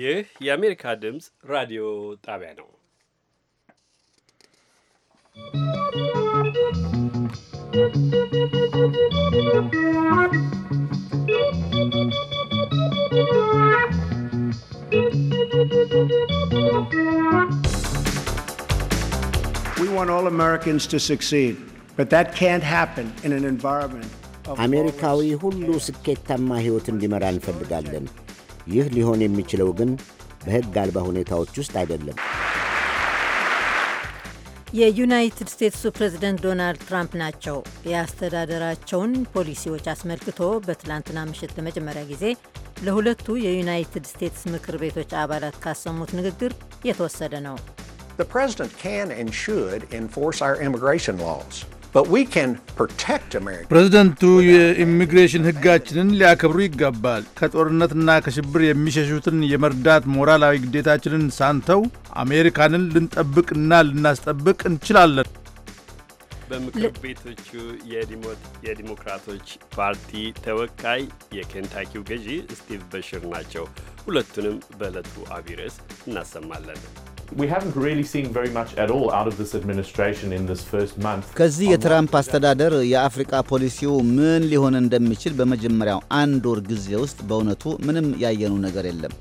ይህ የአሜሪካ ድምፅ ራዲዮ ጣቢያ ነው። We want all Americans to succeed, but that can't happen in an environment አሜሪካዊ ሁሉ ስኬታማ ሕይወት እንዲመራ እንፈልጋለን። ይህ ሊሆን የሚችለው ግን በሕግ አልባ ሁኔታዎች ውስጥ አይደለም። የዩናይትድ ስቴትሱ ፕሬዝደንት ዶናልድ ትራምፕ ናቸው የአስተዳደራቸውን ፖሊሲዎች አስመልክቶ በትላንትና ምሽት ለመጀመሪያ ጊዜ ለሁለቱ የዩናይትድ ስቴትስ ምክር ቤቶች አባላት ካሰሙት ንግግር የተወሰደ ነው። The president can and should enforce our immigration laws. ፕሬዝደንቱ የኢሚግሬሽን ሕጋችንን ሊያከብሩ ይገባል። ከጦርነትና ከሽብር የሚሸሹትን የመርዳት ሞራላዊ ግዴታችንን ሳንተው አሜሪካንን ልንጠብቅና ልናስጠብቅ እንችላለን። በምክር ቤቶቹ የዲሞክራቶች ፓርቲ ተወካይ የኬንታኪው ገዢ ስቲቭ በሽር ናቸው። ሁለቱንም በዕለቱ አቢይ ርዕስ እናሰማለን። ከዚህ የትራምፕ አስተዳደር የአፍሪቃ ፖሊሲው ምን ሊሆን እንደሚችል በመጀመሪያው አንድ ወር ጊዜ ውስጥ በእውነቱ ምንም ያየኑ ነገር የለም።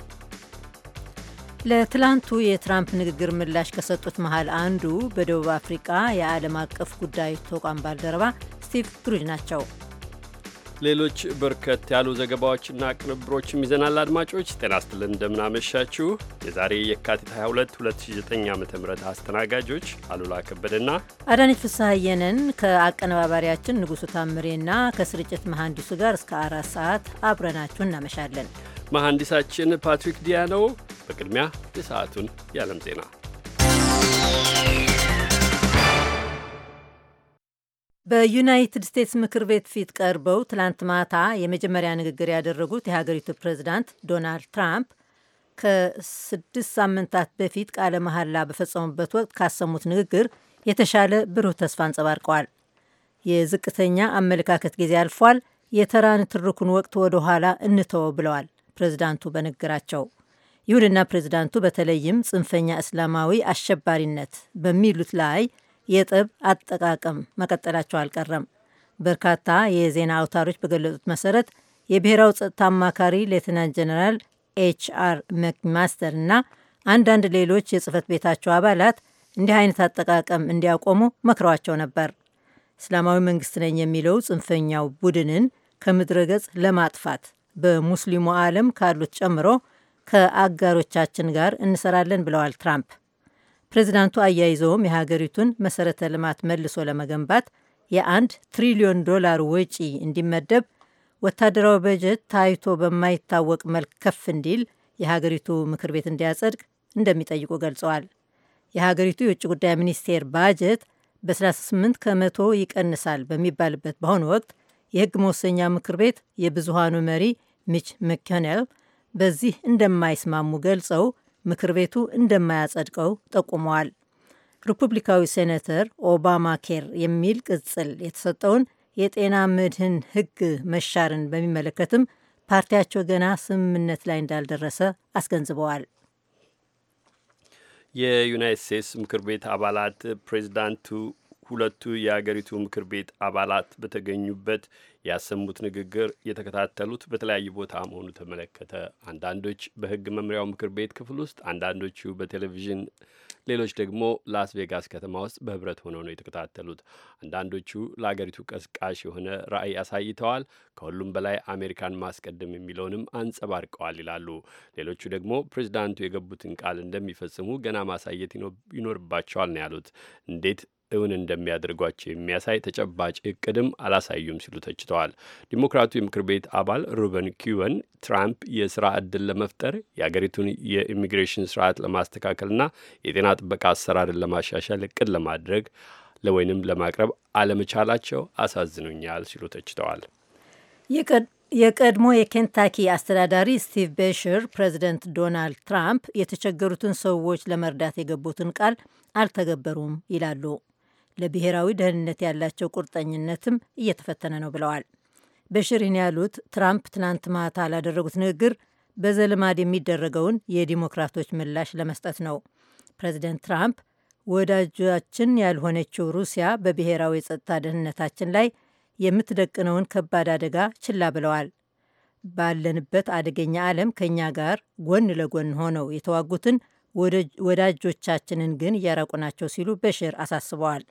ለትላንቱ የትራምፕ ንግግር ምላሽ ከሰጡት መሃል አንዱ በደቡብ አፍሪቃ የዓለም አቀፍ ጉዳይ ተቋም ባልደረባ ስቲቭ ግሩጅ ናቸው። ሌሎች በርከት ያሉ ዘገባዎችና ቅንብሮችም ይዘናል። አድማጮች ጤና ይስጥልን፣ እንደምናመሻችሁ። የዛሬ የካቲት 22 2009 ዓ ም አስተናጋጆች አሉላ ከበደና አዳነች ፍስሐየንን ከአቀነባባሪያችን ንጉሱ ታምሬና ከስርጭት መሐንዲሱ ጋር እስከ አራት ሰዓት አብረናችሁ እናመሻለን። መሐንዲሳችን ፓትሪክ ዲያ ነው። በቅድሚያ የሰዓቱን የዓለም ዜና በዩናይትድ ስቴትስ ምክር ቤት ፊት ቀርበው ትላንት ማታ የመጀመሪያ ንግግር ያደረጉት የሀገሪቱ ፕሬዚዳንት ዶናልድ ትራምፕ ከስድስት ሳምንታት በፊት ቃለ መሐላ በፈጸሙበት ወቅት ካሰሙት ንግግር የተሻለ ብሩህ ተስፋ አንጸባርቀዋል። የዝቅተኛ አመለካከት ጊዜ አልፏል፣ የተራ ንትርኩን ወቅት ወደ ኋላ እንተወ ብለዋል ፕሬዚዳንቱ በንግግራቸው። ይሁንና ፕሬዚዳንቱ በተለይም ጽንፈኛ እስላማዊ አሸባሪነት በሚሉት ላይ የጥብ አጠቃቀም መቀጠላቸው አልቀረም። በርካታ የዜና አውታሮች በገለጹት መሰረት የብሔራዊ ጸጥታ አማካሪ ሌትናንት ጀነራል ኤች አር መክማስተር እና አንዳንድ ሌሎች የጽህፈት ቤታቸው አባላት እንዲህ አይነት አጠቃቀም እንዲያቆሙ መክረዋቸው ነበር። እስላማዊ መንግስት ነኝ የሚለው ጽንፈኛው ቡድንን ከምድረገጽ ለማጥፋት በሙስሊሙ ዓለም ካሉት ጨምሮ ከአጋሮቻችን ጋር እንሰራለን ብለዋል ትራምፕ። ፕሬዚዳንቱ አያይዘውም የሀገሪቱን መሰረተ ልማት መልሶ ለመገንባት የአንድ ትሪሊዮን ዶላር ወጪ እንዲመደብ፣ ወታደራዊ በጀት ታይቶ በማይታወቅ መልክ ከፍ እንዲል የሀገሪቱ ምክር ቤት እንዲያጸድቅ እንደሚጠይቁ ገልጸዋል። የሀገሪቱ የውጭ ጉዳይ ሚኒስቴር ባጀት በ38 ከመቶ ይቀንሳል በሚባልበት በአሁኑ ወቅት የህግ መወሰኛ ምክር ቤት የብዙሃኑ መሪ ሚች መኮኔል በዚህ እንደማይስማሙ ገልጸው ምክር ቤቱ እንደማያጸድቀው ጠቁመዋል። ሪፑብሊካዊ ሴኔተር ኦባማ ኬር የሚል ቅጽል የተሰጠውን የጤና መድህን ህግ መሻርን በሚመለከትም ፓርቲያቸው ገና ስምምነት ላይ እንዳልደረሰ አስገንዝበዋል። የዩናይት ስቴትስ ምክር ቤት አባላት ፕሬዚዳንቱ ሁለቱ የአገሪቱ ምክር ቤት አባላት በተገኙበት ያሰሙት ንግግር የተከታተሉት በተለያዩ ቦታ መሆኑ ተመለከተ። አንዳንዶች በሕግ መምሪያው ምክር ቤት ክፍል ውስጥ፣ አንዳንዶቹ በቴሌቪዥን፣ ሌሎች ደግሞ ላስ ቬጋስ ከተማ ውስጥ በህብረት ሆነው ነው የተከታተሉት። አንዳንዶቹ ለአገሪቱ ቀስቃሽ የሆነ ራዕይ አሳይተዋል። ከሁሉም በላይ አሜሪካን ማስቀደም የሚለውንም አንጸባርቀዋል ይላሉ። ሌሎቹ ደግሞ ፕሬዚዳንቱ የገቡትን ቃል እንደሚፈጽሙ ገና ማሳየት ይኖርባቸዋል ነው ያሉት። እንዴት እውን እንደሚያደርጓቸው የሚያሳይ ተጨባጭ እቅድም አላሳዩም ሲሉ ተችተዋል። ዲሞክራቱ የምክር ቤት አባል ሩበን ኪወን ትራምፕ የስራ ዕድል ለመፍጠር የአገሪቱን የኢሚግሬሽን ስርዓት ለማስተካከልና የጤና ጥበቃ አሰራርን ለማሻሻል እቅድ ለማድረግ ለወይንም ለማቅረብ አለመቻላቸው አሳዝኖኛል ሲሉ ተችተዋል። የቀድሞ የኬንታኪ አስተዳዳሪ ስቲቭ ቤሽር ፕሬዚደንት ዶናልድ ትራምፕ የተቸገሩትን ሰዎች ለመርዳት የገቡትን ቃል አልተገበሩም ይላሉ። ለብሔራዊ ደህንነት ያላቸው ቁርጠኝነትም እየተፈተነ ነው ብለዋል። በሽሪን ያሉት ትራምፕ ትናንት ማታ ላደረጉት ንግግር በዘልማድ የሚደረገውን የዲሞክራቶች ምላሽ ለመስጠት ነው። ፕሬዚደንት ትራምፕ ወዳጃችን ያልሆነችው ሩሲያ በብሔራዊ የጸጥታ ደህንነታችን ላይ የምትደቅነውን ከባድ አደጋ ችላ ብለዋል። ባለንበት አደገኛ ዓለም ከእኛ ጋር ጎን ለጎን ሆነው የተዋጉትን ወዳጆቻችንን ግን እያራቁ ናቸው ሲሉ በሽር አሳስበዋል።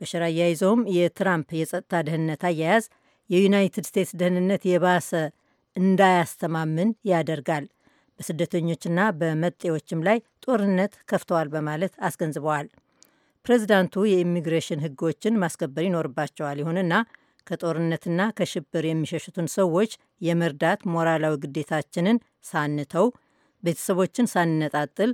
በሽር አያይዘውም የትራምፕ የጸጥታ ደህንነት አያያዝ የዩናይትድ ስቴትስ ደህንነት የባሰ እንዳያስተማምን ያደርጋል፣ በስደተኞችና በመጤዎችም ላይ ጦርነት ከፍተዋል በማለት አስገንዝበዋል። ፕሬዚዳንቱ የኢሚግሬሽን ህጎችን ማስከበር ይኖርባቸዋል። ይሁንና ከጦርነትና ከሽብር የሚሸሹትን ሰዎች የመርዳት ሞራላዊ ግዴታችንን ሳንተው፣ ቤተሰቦችን ሳንነጣጥል፣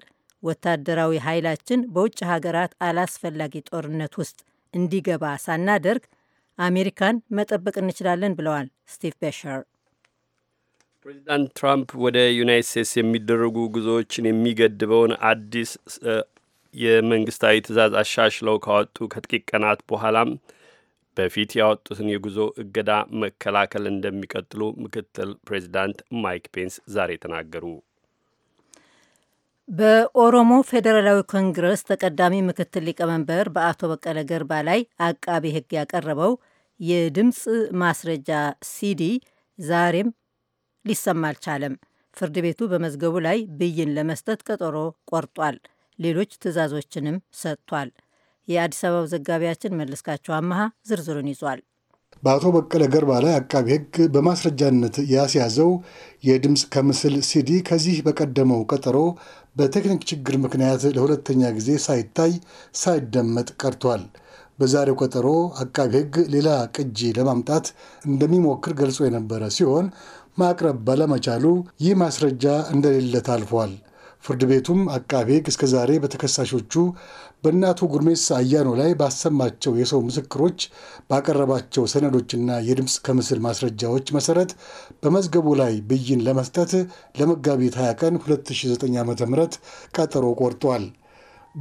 ወታደራዊ ኃይላችን በውጭ ሀገራት አላስፈላጊ ጦርነት ውስጥ እንዲገባ ሳናደርግ አሜሪካን መጠበቅ እንችላለን ብለዋል ስቲቭ ቤሸር። ፕሬዚዳንት ትራምፕ ወደ ዩናይት ስቴትስ የሚደረጉ ጉዞዎችን የሚገድበውን አዲስ የመንግስታዊ ትዕዛዝ አሻሽለው ካወጡ ከጥቂት ቀናት በኋላም በፊት ያወጡትን የጉዞ እገዳ መከላከል እንደሚቀጥሉ ምክትል ፕሬዚዳንት ማይክ ፔንስ ዛሬ ተናገሩ። በኦሮሞ ፌዴራላዊ ኮንግረስ ተቀዳሚ ምክትል ሊቀመንበር በአቶ በቀለ ገርባ ላይ አቃቤ ሕግ ያቀረበው የድምፅ ማስረጃ ሲዲ ዛሬም ሊሰማ አልቻለም። ፍርድ ቤቱ በመዝገቡ ላይ ብይን ለመስጠት ቀጠሮ ቆርጧል። ሌሎች ትዕዛዞችንም ሰጥቷል። የአዲስ አበባው ዘጋቢያችን መለስካቸው አመሃ ዝርዝሩን ይዟል። በአቶ በቀለ ገርባ ላይ አቃቢ ህግ በማስረጃነት ያስያዘው የድምፅ ከምስል ሲዲ ከዚህ በቀደመው ቀጠሮ በቴክኒክ ችግር ምክንያት ለሁለተኛ ጊዜ ሳይታይ ሳይደመጥ ቀርቷል። በዛሬው ቀጠሮ አቃቢ ሕግ ሌላ ቅጂ ለማምጣት እንደሚሞክር ገልጾ የነበረ ሲሆን ማቅረብ ባለመቻሉ ይህ ማስረጃ እንደሌለ ታልፏል። ፍርድ ቤቱም አቃቢ ሕግ እስከ ዛሬ በተከሳሾቹ በእናቱ ጉርሜሳ አያኖ ላይ ባሰማቸው የሰው ምስክሮች ባቀረባቸው ሰነዶችና የድምፅ ከምስል ማስረጃዎች መሰረት በመዝገቡ ላይ ብይን ለመስጠት ለመጋቢት 20 ቀን 2009 ዓ ም ቀጠሮ ቆርጧል።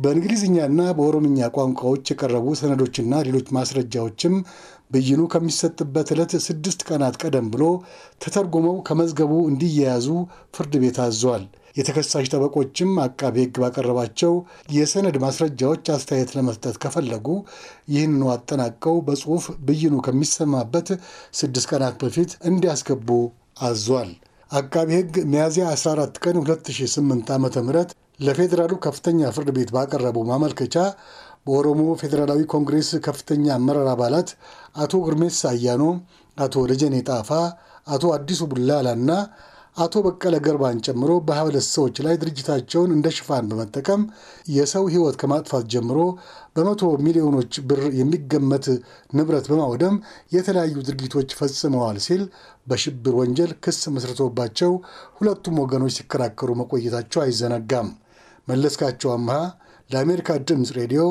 በእንግሊዝኛና በኦሮምኛ ቋንቋዎች የቀረቡ ሰነዶችና ሌሎች ማስረጃዎችም ብይኑ ከሚሰጥበት ዕለት ስድስት ቀናት ቀደም ብሎ ተተርጉመው ከመዝገቡ እንዲያያዙ ፍርድ ቤት አዟል። የተከሳሽ ጠበቆችም አቃቤ ሕግ ባቀረባቸው የሰነድ ማስረጃዎች አስተያየት ለመስጠት ከፈለጉ ይህንኑ አጠናቀው በጽሑፍ ብይኑ ከሚሰማበት ስድስት ቀናት በፊት እንዲያስገቡ አዟል። አቃቤ ሕግ ሚያዝያ 14 ቀን 2008 ዓ ም ለፌዴራሉ ከፍተኛ ፍርድ ቤት ባቀረበው ማመልከቻ በኦሮሞ ፌዴራላዊ ኮንግሬስ ከፍተኛ አመራር አባላት አቶ ጉርሜሳ አያኖ፣ አቶ ደጀኔ ጣፋ፣ አቶ አዲሱ ቡላላ አቶ በቀለ ገርባን ጨምሮ በሀያ ሰዎች ላይ ድርጅታቸውን እንደ ሽፋን በመጠቀም የሰው ሕይወት ከማጥፋት ጀምሮ በመቶ ሚሊዮኖች ብር የሚገመት ንብረት በማውደም የተለያዩ ድርጊቶች ፈጽመዋል ሲል በሽብር ወንጀል ክስ መስርቶባቸው ሁለቱም ወገኖች ሲከራከሩ መቆየታቸው አይዘነጋም። መለስካቸው አምሃ ለአሜሪካ ድምፅ ሬዲዮ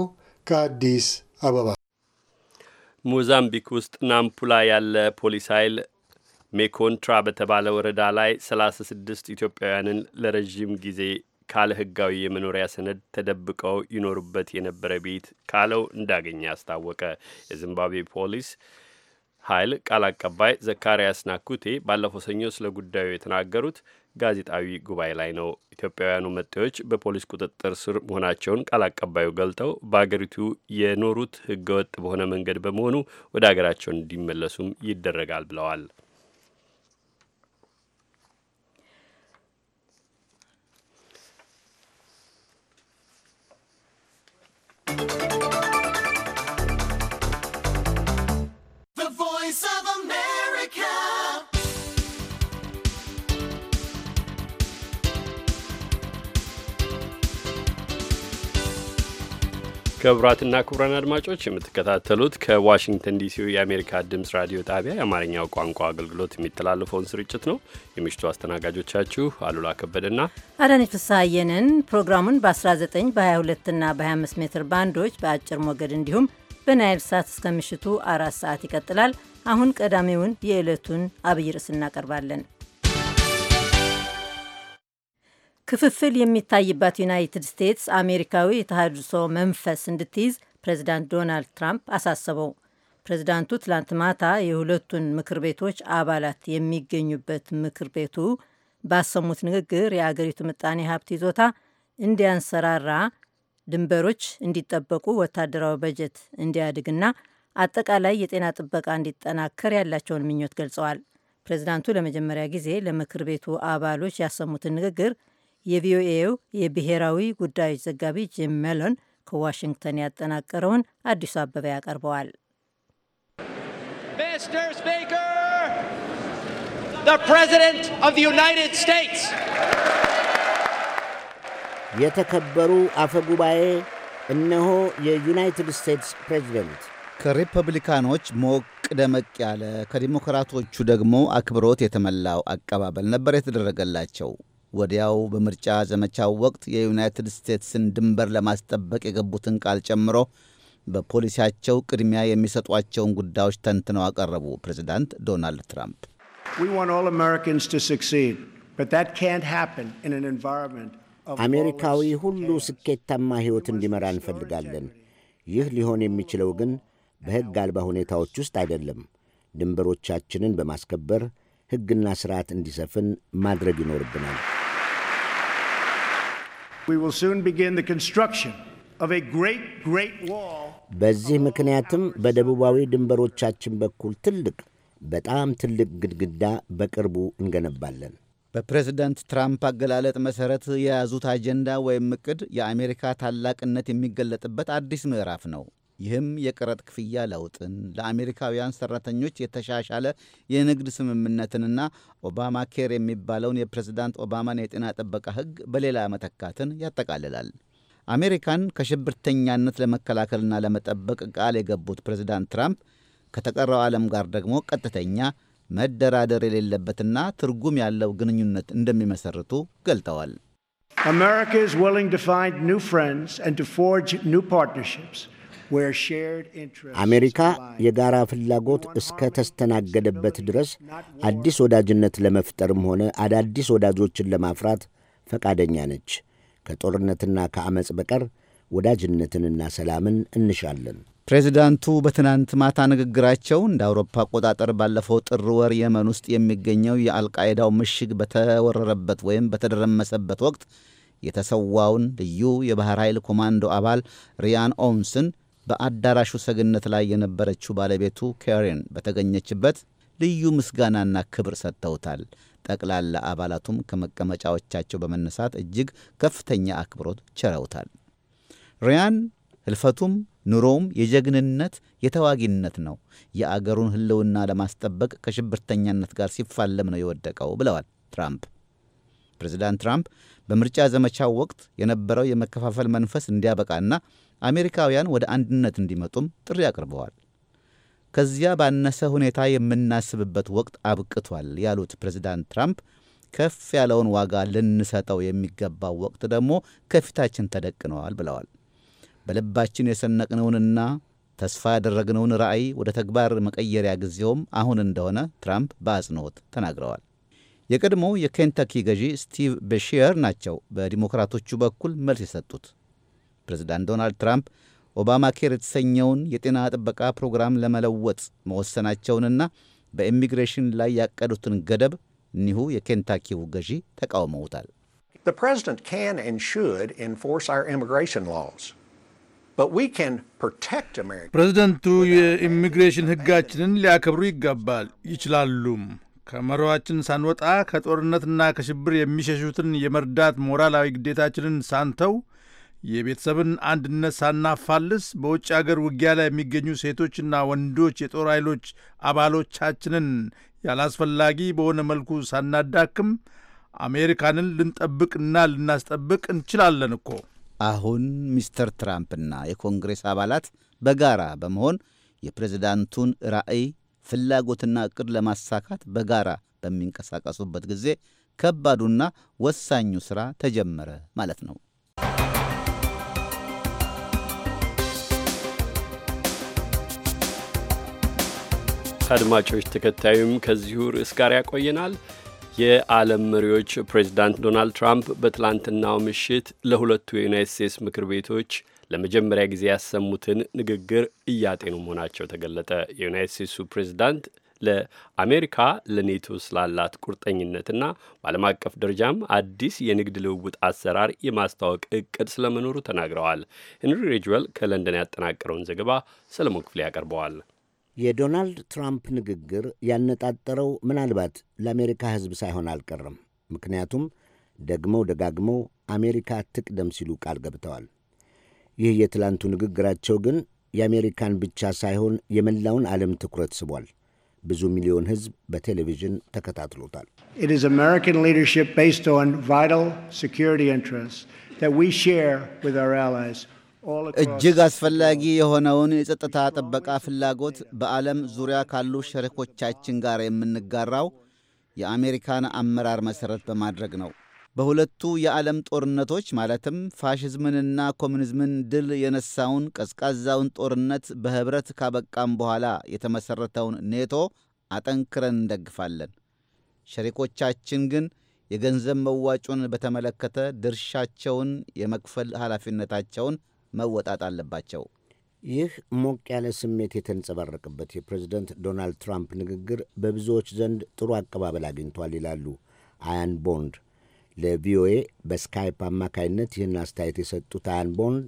ከአዲስ አበባ ሞዛምቢክ ውስጥ ናምፑላ ያለ ፖሊስ ኃይል ሜኮንትራ በተባለ ወረዳ ላይ 36 ኢትዮጵያውያንን ለረዥም ጊዜ ካለ ህጋዊ የመኖሪያ ሰነድ ተደብቀው ይኖሩበት የነበረ ቤት ካለው እንዳገኘ አስታወቀ። የዚምባብዌ ፖሊስ ኃይል ቃል አቀባይ ዘካሪያስ ናኩቴ ባለፈው ሰኞ ስለ ጉዳዩ የተናገሩት ጋዜጣዊ ጉባኤ ላይ ነው። ኢትዮጵያውያኑ መጤዎች በፖሊስ ቁጥጥር ስር መሆናቸውን ቃል አቀባዩ ገልጠው በአገሪቱ የኖሩት ህገወጥ በሆነ መንገድ በመሆኑ ወደ አገራቸውን እንዲመለሱም ይደረጋል ብለዋል። ክቡራትና ክቡራን አድማጮች የምትከታተሉት ከዋሽንግተን ዲሲ የአሜሪካ ድምፅ ራዲዮ ጣቢያ የአማርኛው ቋንቋ አገልግሎት የሚተላለፈውን ስርጭት ነው። የምሽቱ አስተናጋጆቻችሁ አሉላ ከበደና አዳነች ፍስሐየንን። ፕሮግራሙን በ19 በ22ና በ25 ሜትር ባንዶች በአጭር ሞገድ እንዲሁም በናይል ሳት እስከ ምሽቱ አራት ሰዓት ይቀጥላል። አሁን ቀዳሚውን የዕለቱን አብይ ርዕስ እናቀርባለን። ክፍፍል የሚታይባት ዩናይትድ ስቴትስ አሜሪካዊ የተሃድሶ መንፈስ እንድትይዝ ፕሬዚዳንት ዶናልድ ትራምፕ አሳሰበው። ፕሬዚዳንቱ ትላንት ማታ የሁለቱን ምክር ቤቶች አባላት የሚገኙበት ምክር ቤቱ ባሰሙት ንግግር የአገሪቱ ምጣኔ ሀብት ይዞታ እንዲያንሰራራ፣ ድንበሮች እንዲጠበቁ፣ ወታደራዊ በጀት እንዲያድግና አጠቃላይ የጤና ጥበቃ እንዲጠናከር ያላቸውን ምኞት ገልጸዋል። ፕሬዚዳንቱ ለመጀመሪያ ጊዜ ለምክር ቤቱ አባሎች ያሰሙትን ንግግር የቪኦኤው የብሔራዊ ጉዳዮች ዘጋቢ ጂም ሜሎን ከዋሽንግተን ያጠናቀረውን አዲሱ አበበ ያቀርበዋል። የተከበሩ አፈ ጉባኤ፣ እነሆ የዩናይትድ ስቴትስ ፕሬዚደንት። ከሪፐብሊካኖች ሞቅ ደመቅ ያለ ከዲሞክራቶቹ ደግሞ አክብሮት የተሞላው አቀባበል ነበር የተደረገላቸው። ወዲያው በምርጫ ዘመቻው ወቅት የዩናይትድ ስቴትስን ድንበር ለማስጠበቅ የገቡትን ቃል ጨምሮ በፖሊሲያቸው ቅድሚያ የሚሰጧቸውን ጉዳዮች ተንትነው አቀረቡ። ፕሬዚዳንት ዶናልድ ትራምፕ አሜሪካዊ ሁሉ ስኬታማ ሕይወት እንዲመራ እንፈልጋለን። ይህ ሊሆን የሚችለው ግን በሕግ አልባ ሁኔታዎች ውስጥ አይደለም። ድንበሮቻችንን በማስከበር ሕግና ሥርዓት እንዲሰፍን ማድረግ ይኖርብናል። በዚህ ምክንያትም በደቡባዊ ድንበሮቻችን በኩል ትልቅ በጣም ትልቅ ግድግዳ በቅርቡ እንገነባለን። በፕሬዝደንት ትራምፕ አገላለጥ መሠረት የያዙት አጀንዳ ወይም እቅድ የአሜሪካ ታላቅነት የሚገለጥበት አዲስ ምዕራፍ ነው። ይህም የቀረጥ ክፍያ ለውጥን ለአሜሪካውያን ሰራተኞች የተሻሻለ የንግድ ስምምነትንና ኦባማ ኬር የሚባለውን የፕሬዝዳንት ኦባማን የጤና ጥበቃ ሕግ በሌላ መተካትን ያጠቃልላል። አሜሪካን ከሽብርተኛነት ለመከላከልና ለመጠበቅ ቃል የገቡት ፕሬዝዳንት ትራምፕ ከተቀረው ዓለም ጋር ደግሞ ቀጥተኛ መደራደር የሌለበትና ትርጉም ያለው ግንኙነት እንደሚመሰርቱ ገልጠዋል። አሜሪካ ስ ዊሊንግ ቱ ፋይንድ ኒው ፍሬንድስ and ቱ ፎርጅ ኒው ፓርትነርሺፕስ አሜሪካ የጋራ ፍላጎት እስከ ተስተናገደበት ድረስ አዲስ ወዳጅነት ለመፍጠርም ሆነ አዳዲስ ወዳጆችን ለማፍራት ፈቃደኛ ነች። ከጦርነትና ከአመፅ በቀር ወዳጅነትንና ሰላምን እንሻለን። ፕሬዚዳንቱ በትናንት ማታ ንግግራቸው እንደ አውሮፓ አቆጣጠር ባለፈው ጥር ወር የመን ውስጥ የሚገኘው የአልቃይዳው ምሽግ በተወረረበት ወይም በተደረመሰበት ወቅት የተሰዋውን ልዩ የባህር ኃይል ኮማንዶ አባል ሪያን ኦውንስን በአዳራሹ ሰግነት ላይ የነበረችው ባለቤቱ ኬሪን በተገኘችበት ልዩ ምስጋናና ክብር ሰጥተውታል። ጠቅላላ አባላቱም ከመቀመጫዎቻቸው በመነሳት እጅግ ከፍተኛ አክብሮት ቸረውታል። ሪያን ህልፈቱም ኑሮውም የጀግንነት የተዋጊነት ነው። የአገሩን ህልውና ለማስጠበቅ ከሽብርተኛነት ጋር ሲፋለም ነው የወደቀው ብለዋል ትራምፕ። ፕሬዚዳንት ትራምፕ በምርጫ ዘመቻው ወቅት የነበረው የመከፋፈል መንፈስ እንዲያበቃና አሜሪካውያን ወደ አንድነት እንዲመጡም ጥሪ አቅርበዋል። ከዚያ ባነሰ ሁኔታ የምናስብበት ወቅት አብቅቷል ያሉት ፕሬዚዳንት ትራምፕ ከፍ ያለውን ዋጋ ልንሰጠው የሚገባው ወቅት ደግሞ ከፊታችን ተደቅነዋል ብለዋል። በልባችን የሰነቅነውንና ተስፋ ያደረግነውን ራዕይ ወደ ተግባር መቀየሪያ ጊዜውም አሁን እንደሆነ ትራምፕ በአጽንኦት ተናግረዋል። የቀድሞው የኬንታኪ ገዢ ስቲቭ ቤሺየር ናቸው በዲሞክራቶቹ በኩል መልስ የሰጡት። ፕሬዚዳንት ዶናልድ ትራምፕ ኦባማ ኬር የተሰኘውን የጤና ጥበቃ ፕሮግራም ለመለወጥ መወሰናቸውንና በኢሚግሬሽን ላይ ያቀዱትን ገደብ እኒሁ የኬንታኪው ገዢ ተቃውመውታል። ፕሬዝደንቱ የኢሚግሬሽን ሕጋችንን ሊያከብሩ ይገባል፣ ይችላሉም። ከመሪዋችን ሳንወጣ ከጦርነትና ከሽብር የሚሸሹትን የመርዳት ሞራላዊ ግዴታችንን ሳንተው የቤተሰብን አንድነት ሳናፋልስ በውጭ አገር ውጊያ ላይ የሚገኙ ሴቶችና ወንዶች የጦር ኃይሎች አባሎቻችንን ያላስፈላጊ በሆነ መልኩ ሳናዳክም አሜሪካንን ልንጠብቅና ልናስጠብቅ እንችላለን እኮ። አሁን ሚስተር ትራምፕና የኮንግሬስ አባላት በጋራ በመሆን የፕሬዝዳንቱን ራዕይ ፍላጎትና እቅድ ለማሳካት በጋራ በሚንቀሳቀሱበት ጊዜ ከባዱና ወሳኙ ሥራ ተጀመረ ማለት ነው። አድማጮች ተከታዩም ከዚሁ ርዕስ ጋር ያቆየናል። የዓለም መሪዎች ፕሬዚዳንት ዶናልድ ትራምፕ በትላንትናው ምሽት ለሁለቱ የዩናይት ስቴትስ ምክር ቤቶች ለመጀመሪያ ጊዜ ያሰሙትን ንግግር እያጤኑ መሆናቸው ተገለጠ። የዩናይት ስቴትሱ ፕሬዚዳንት ለአሜሪካ ለኔቶ ስላላት ቁርጠኝነትና በዓለም አቀፍ ደረጃም አዲስ የንግድ ልውውጥ አሰራር የማስታወቅ እቅድ ስለመኖሩ ተናግረዋል። ሄንሪ ሬጅዌል ከለንደን ያጠናቀረውን ዘገባ ሰለሞን ክፍሌ ያቀርበዋል። የዶናልድ ትራምፕ ንግግር ያነጣጠረው ምናልባት ለአሜሪካ ሕዝብ ሳይሆን አልቀረም። ምክንያቱም ደግመው ደጋግመው አሜሪካ ትቅደም ሲሉ ቃል ገብተዋል። ይህ የትላንቱ ንግግራቸው ግን የአሜሪካን ብቻ ሳይሆን የመላውን ዓለም ትኩረት ስቧል። ብዙ ሚሊዮን ሕዝብ በቴሌቪዥን ተከታትሎታል። እጅግ አስፈላጊ የሆነውን የጸጥታ ጥበቃ ፍላጎት በዓለም ዙሪያ ካሉ ሸሪኮቻችን ጋር የምንጋራው የአሜሪካን አመራር መሠረት በማድረግ ነው። በሁለቱ የዓለም ጦርነቶች ማለትም ፋሽዝምንና ኮሚኒዝምን ድል የነሳውን ቀዝቃዛውን ጦርነት በኅብረት ካበቃም በኋላ የተመሠረተውን ኔቶ አጠንክረን እንደግፋለን። ሸሪኮቻችን ግን የገንዘብ መዋጮን በተመለከተ ድርሻቸውን የመክፈል ኃላፊነታቸውን መወጣት አለባቸው። ይህ ሞቅ ያለ ስሜት የተንጸባረቀበት የፕሬዝደንት ዶናልድ ትራምፕ ንግግር በብዙዎች ዘንድ ጥሩ አቀባበል አግኝቷል ይላሉ አያን ቦንድ። ለቪኦኤ በስካይፕ አማካይነት ይህን አስተያየት የሰጡት አያን ቦንድ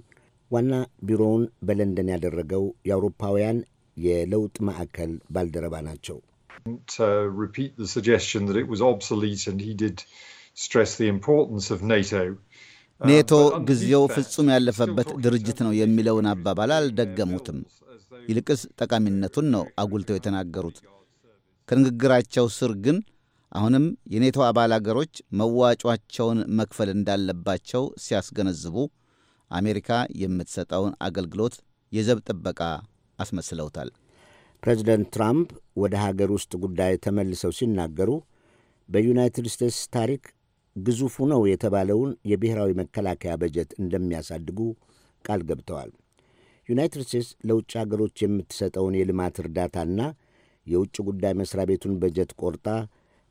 ዋና ቢሮውን በለንደን ያደረገው የአውሮፓውያን የለውጥ ማዕከል ባልደረባ ናቸው። ስ ዘ uh, ኔቶ ጊዜው ፍጹም ያለፈበት ድርጅት ነው የሚለውን አባባል አልደገሙትም። ይልቅስ ጠቃሚነቱን ነው አጉልተው የተናገሩት። ከንግግራቸው ስር ግን አሁንም የኔቶ አባል አገሮች መዋጯቸውን መክፈል እንዳለባቸው ሲያስገነዝቡ አሜሪካ የምትሰጠውን አገልግሎት የዘብ ጥበቃ አስመስለውታል። ፕሬዚደንት ትራምፕ ወደ ሀገር ውስጥ ጉዳይ ተመልሰው ሲናገሩ በዩናይትድ ስቴትስ ታሪክ ግዙፉ ነው የተባለውን የብሔራዊ መከላከያ በጀት እንደሚያሳድጉ ቃል ገብተዋል። ዩናይትድ ስቴትስ ለውጭ አገሮች የምትሰጠውን የልማት እርዳታና የውጭ ጉዳይ መስሪያ ቤቱን በጀት ቆርጣ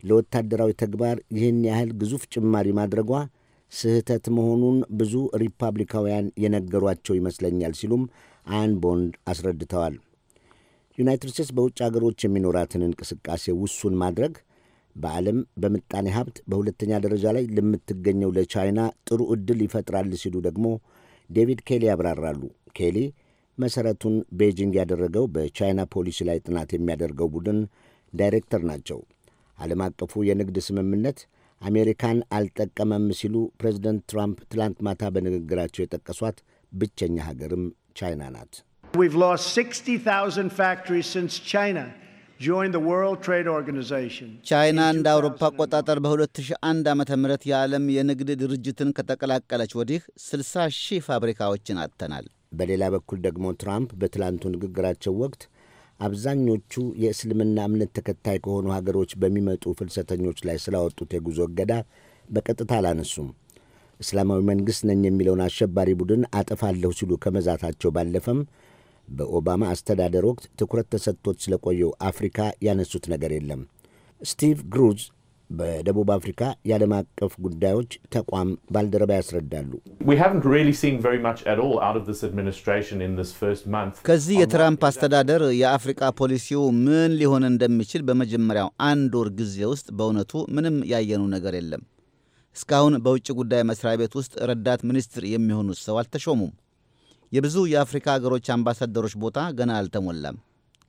ለወታደራዊ ተግባር ይህን ያህል ግዙፍ ጭማሪ ማድረጓ ስህተት መሆኑን ብዙ ሪፐብሊካውያን የነገሯቸው ይመስለኛል ሲሉም አያን ቦንድ አስረድተዋል። ዩናይትድ ስቴትስ በውጭ አገሮች የሚኖራትን እንቅስቃሴ ውሱን ማድረግ በዓለም በምጣኔ ሀብት በሁለተኛ ደረጃ ላይ ለምትገኘው ለቻይና ጥሩ ዕድል ይፈጥራል ሲሉ ደግሞ ዴቪድ ኬሊ ያብራራሉ። ኬሊ መሠረቱን ቤጂንግ ያደረገው በቻይና ፖሊሲ ላይ ጥናት የሚያደርገው ቡድን ዳይሬክተር ናቸው። ዓለም አቀፉ የንግድ ስምምነት አሜሪካን አልጠቀመም ሲሉ ፕሬዚደንት ትራምፕ ትላንት ማታ በንግግራቸው የጠቀሷት ብቸኛ ሀገርም ቻይና ናት። ቻይና እንደ አውሮፓ አቆጣጠር በ2001 ዓ ም የዓለም የንግድ ድርጅትን ከተቀላቀለች ወዲህ 60 ሺህ ፋብሪካዎችን አጥተናል። በሌላ በኩል ደግሞ ትራምፕ በትላንቱ ንግግራቸው ወቅት አብዛኞቹ የእስልምና እምነት ተከታይ ከሆኑ ሀገሮች በሚመጡ ፍልሰተኞች ላይ ስላወጡት የጉዞ እገዳ በቀጥታ አላነሱም። እስላማዊ መንግሥት ነኝ የሚለውን አሸባሪ ቡድን አጠፋለሁ ሲሉ ከመዛታቸው ባለፈም በኦባማ አስተዳደር ወቅት ትኩረት ተሰጥቶት ስለቆየው አፍሪካ ያነሱት ነገር የለም። ስቲቭ ግሩዝ በደቡብ አፍሪካ የዓለም አቀፍ ጉዳዮች ተቋም ባልደረባ ያስረዳሉ። ከዚህ የትራምፕ አስተዳደር የአፍሪቃ ፖሊሲው ምን ሊሆን እንደሚችል በመጀመሪያው አንድ ወር ጊዜ ውስጥ በእውነቱ ምንም ያየኑ ነገር የለም። እስካሁን በውጭ ጉዳይ መስሪያ ቤት ውስጥ ረዳት ሚኒስትር የሚሆኑት ሰው አልተሾሙም። የብዙ የአፍሪካ ሀገሮች አምባሳደሮች ቦታ ገና አልተሞላም።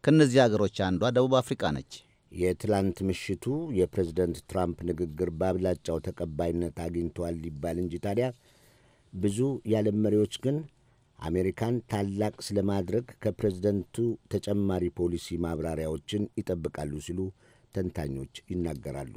ከእነዚህ ሀገሮች አንዷ ደቡብ አፍሪካ ነች። የትላንት ምሽቱ የፕሬዝደንት ትራምፕ ንግግር በአብላጫው ተቀባይነት አግኝቷል ሊባል እንጂ ታዲያ ብዙ የዓለም መሪዎች ግን አሜሪካን ታላቅ ስለማድረግ ከፕሬዝደንቱ ተጨማሪ ፖሊሲ ማብራሪያዎችን ይጠብቃሉ ሲሉ ተንታኞች ይናገራሉ።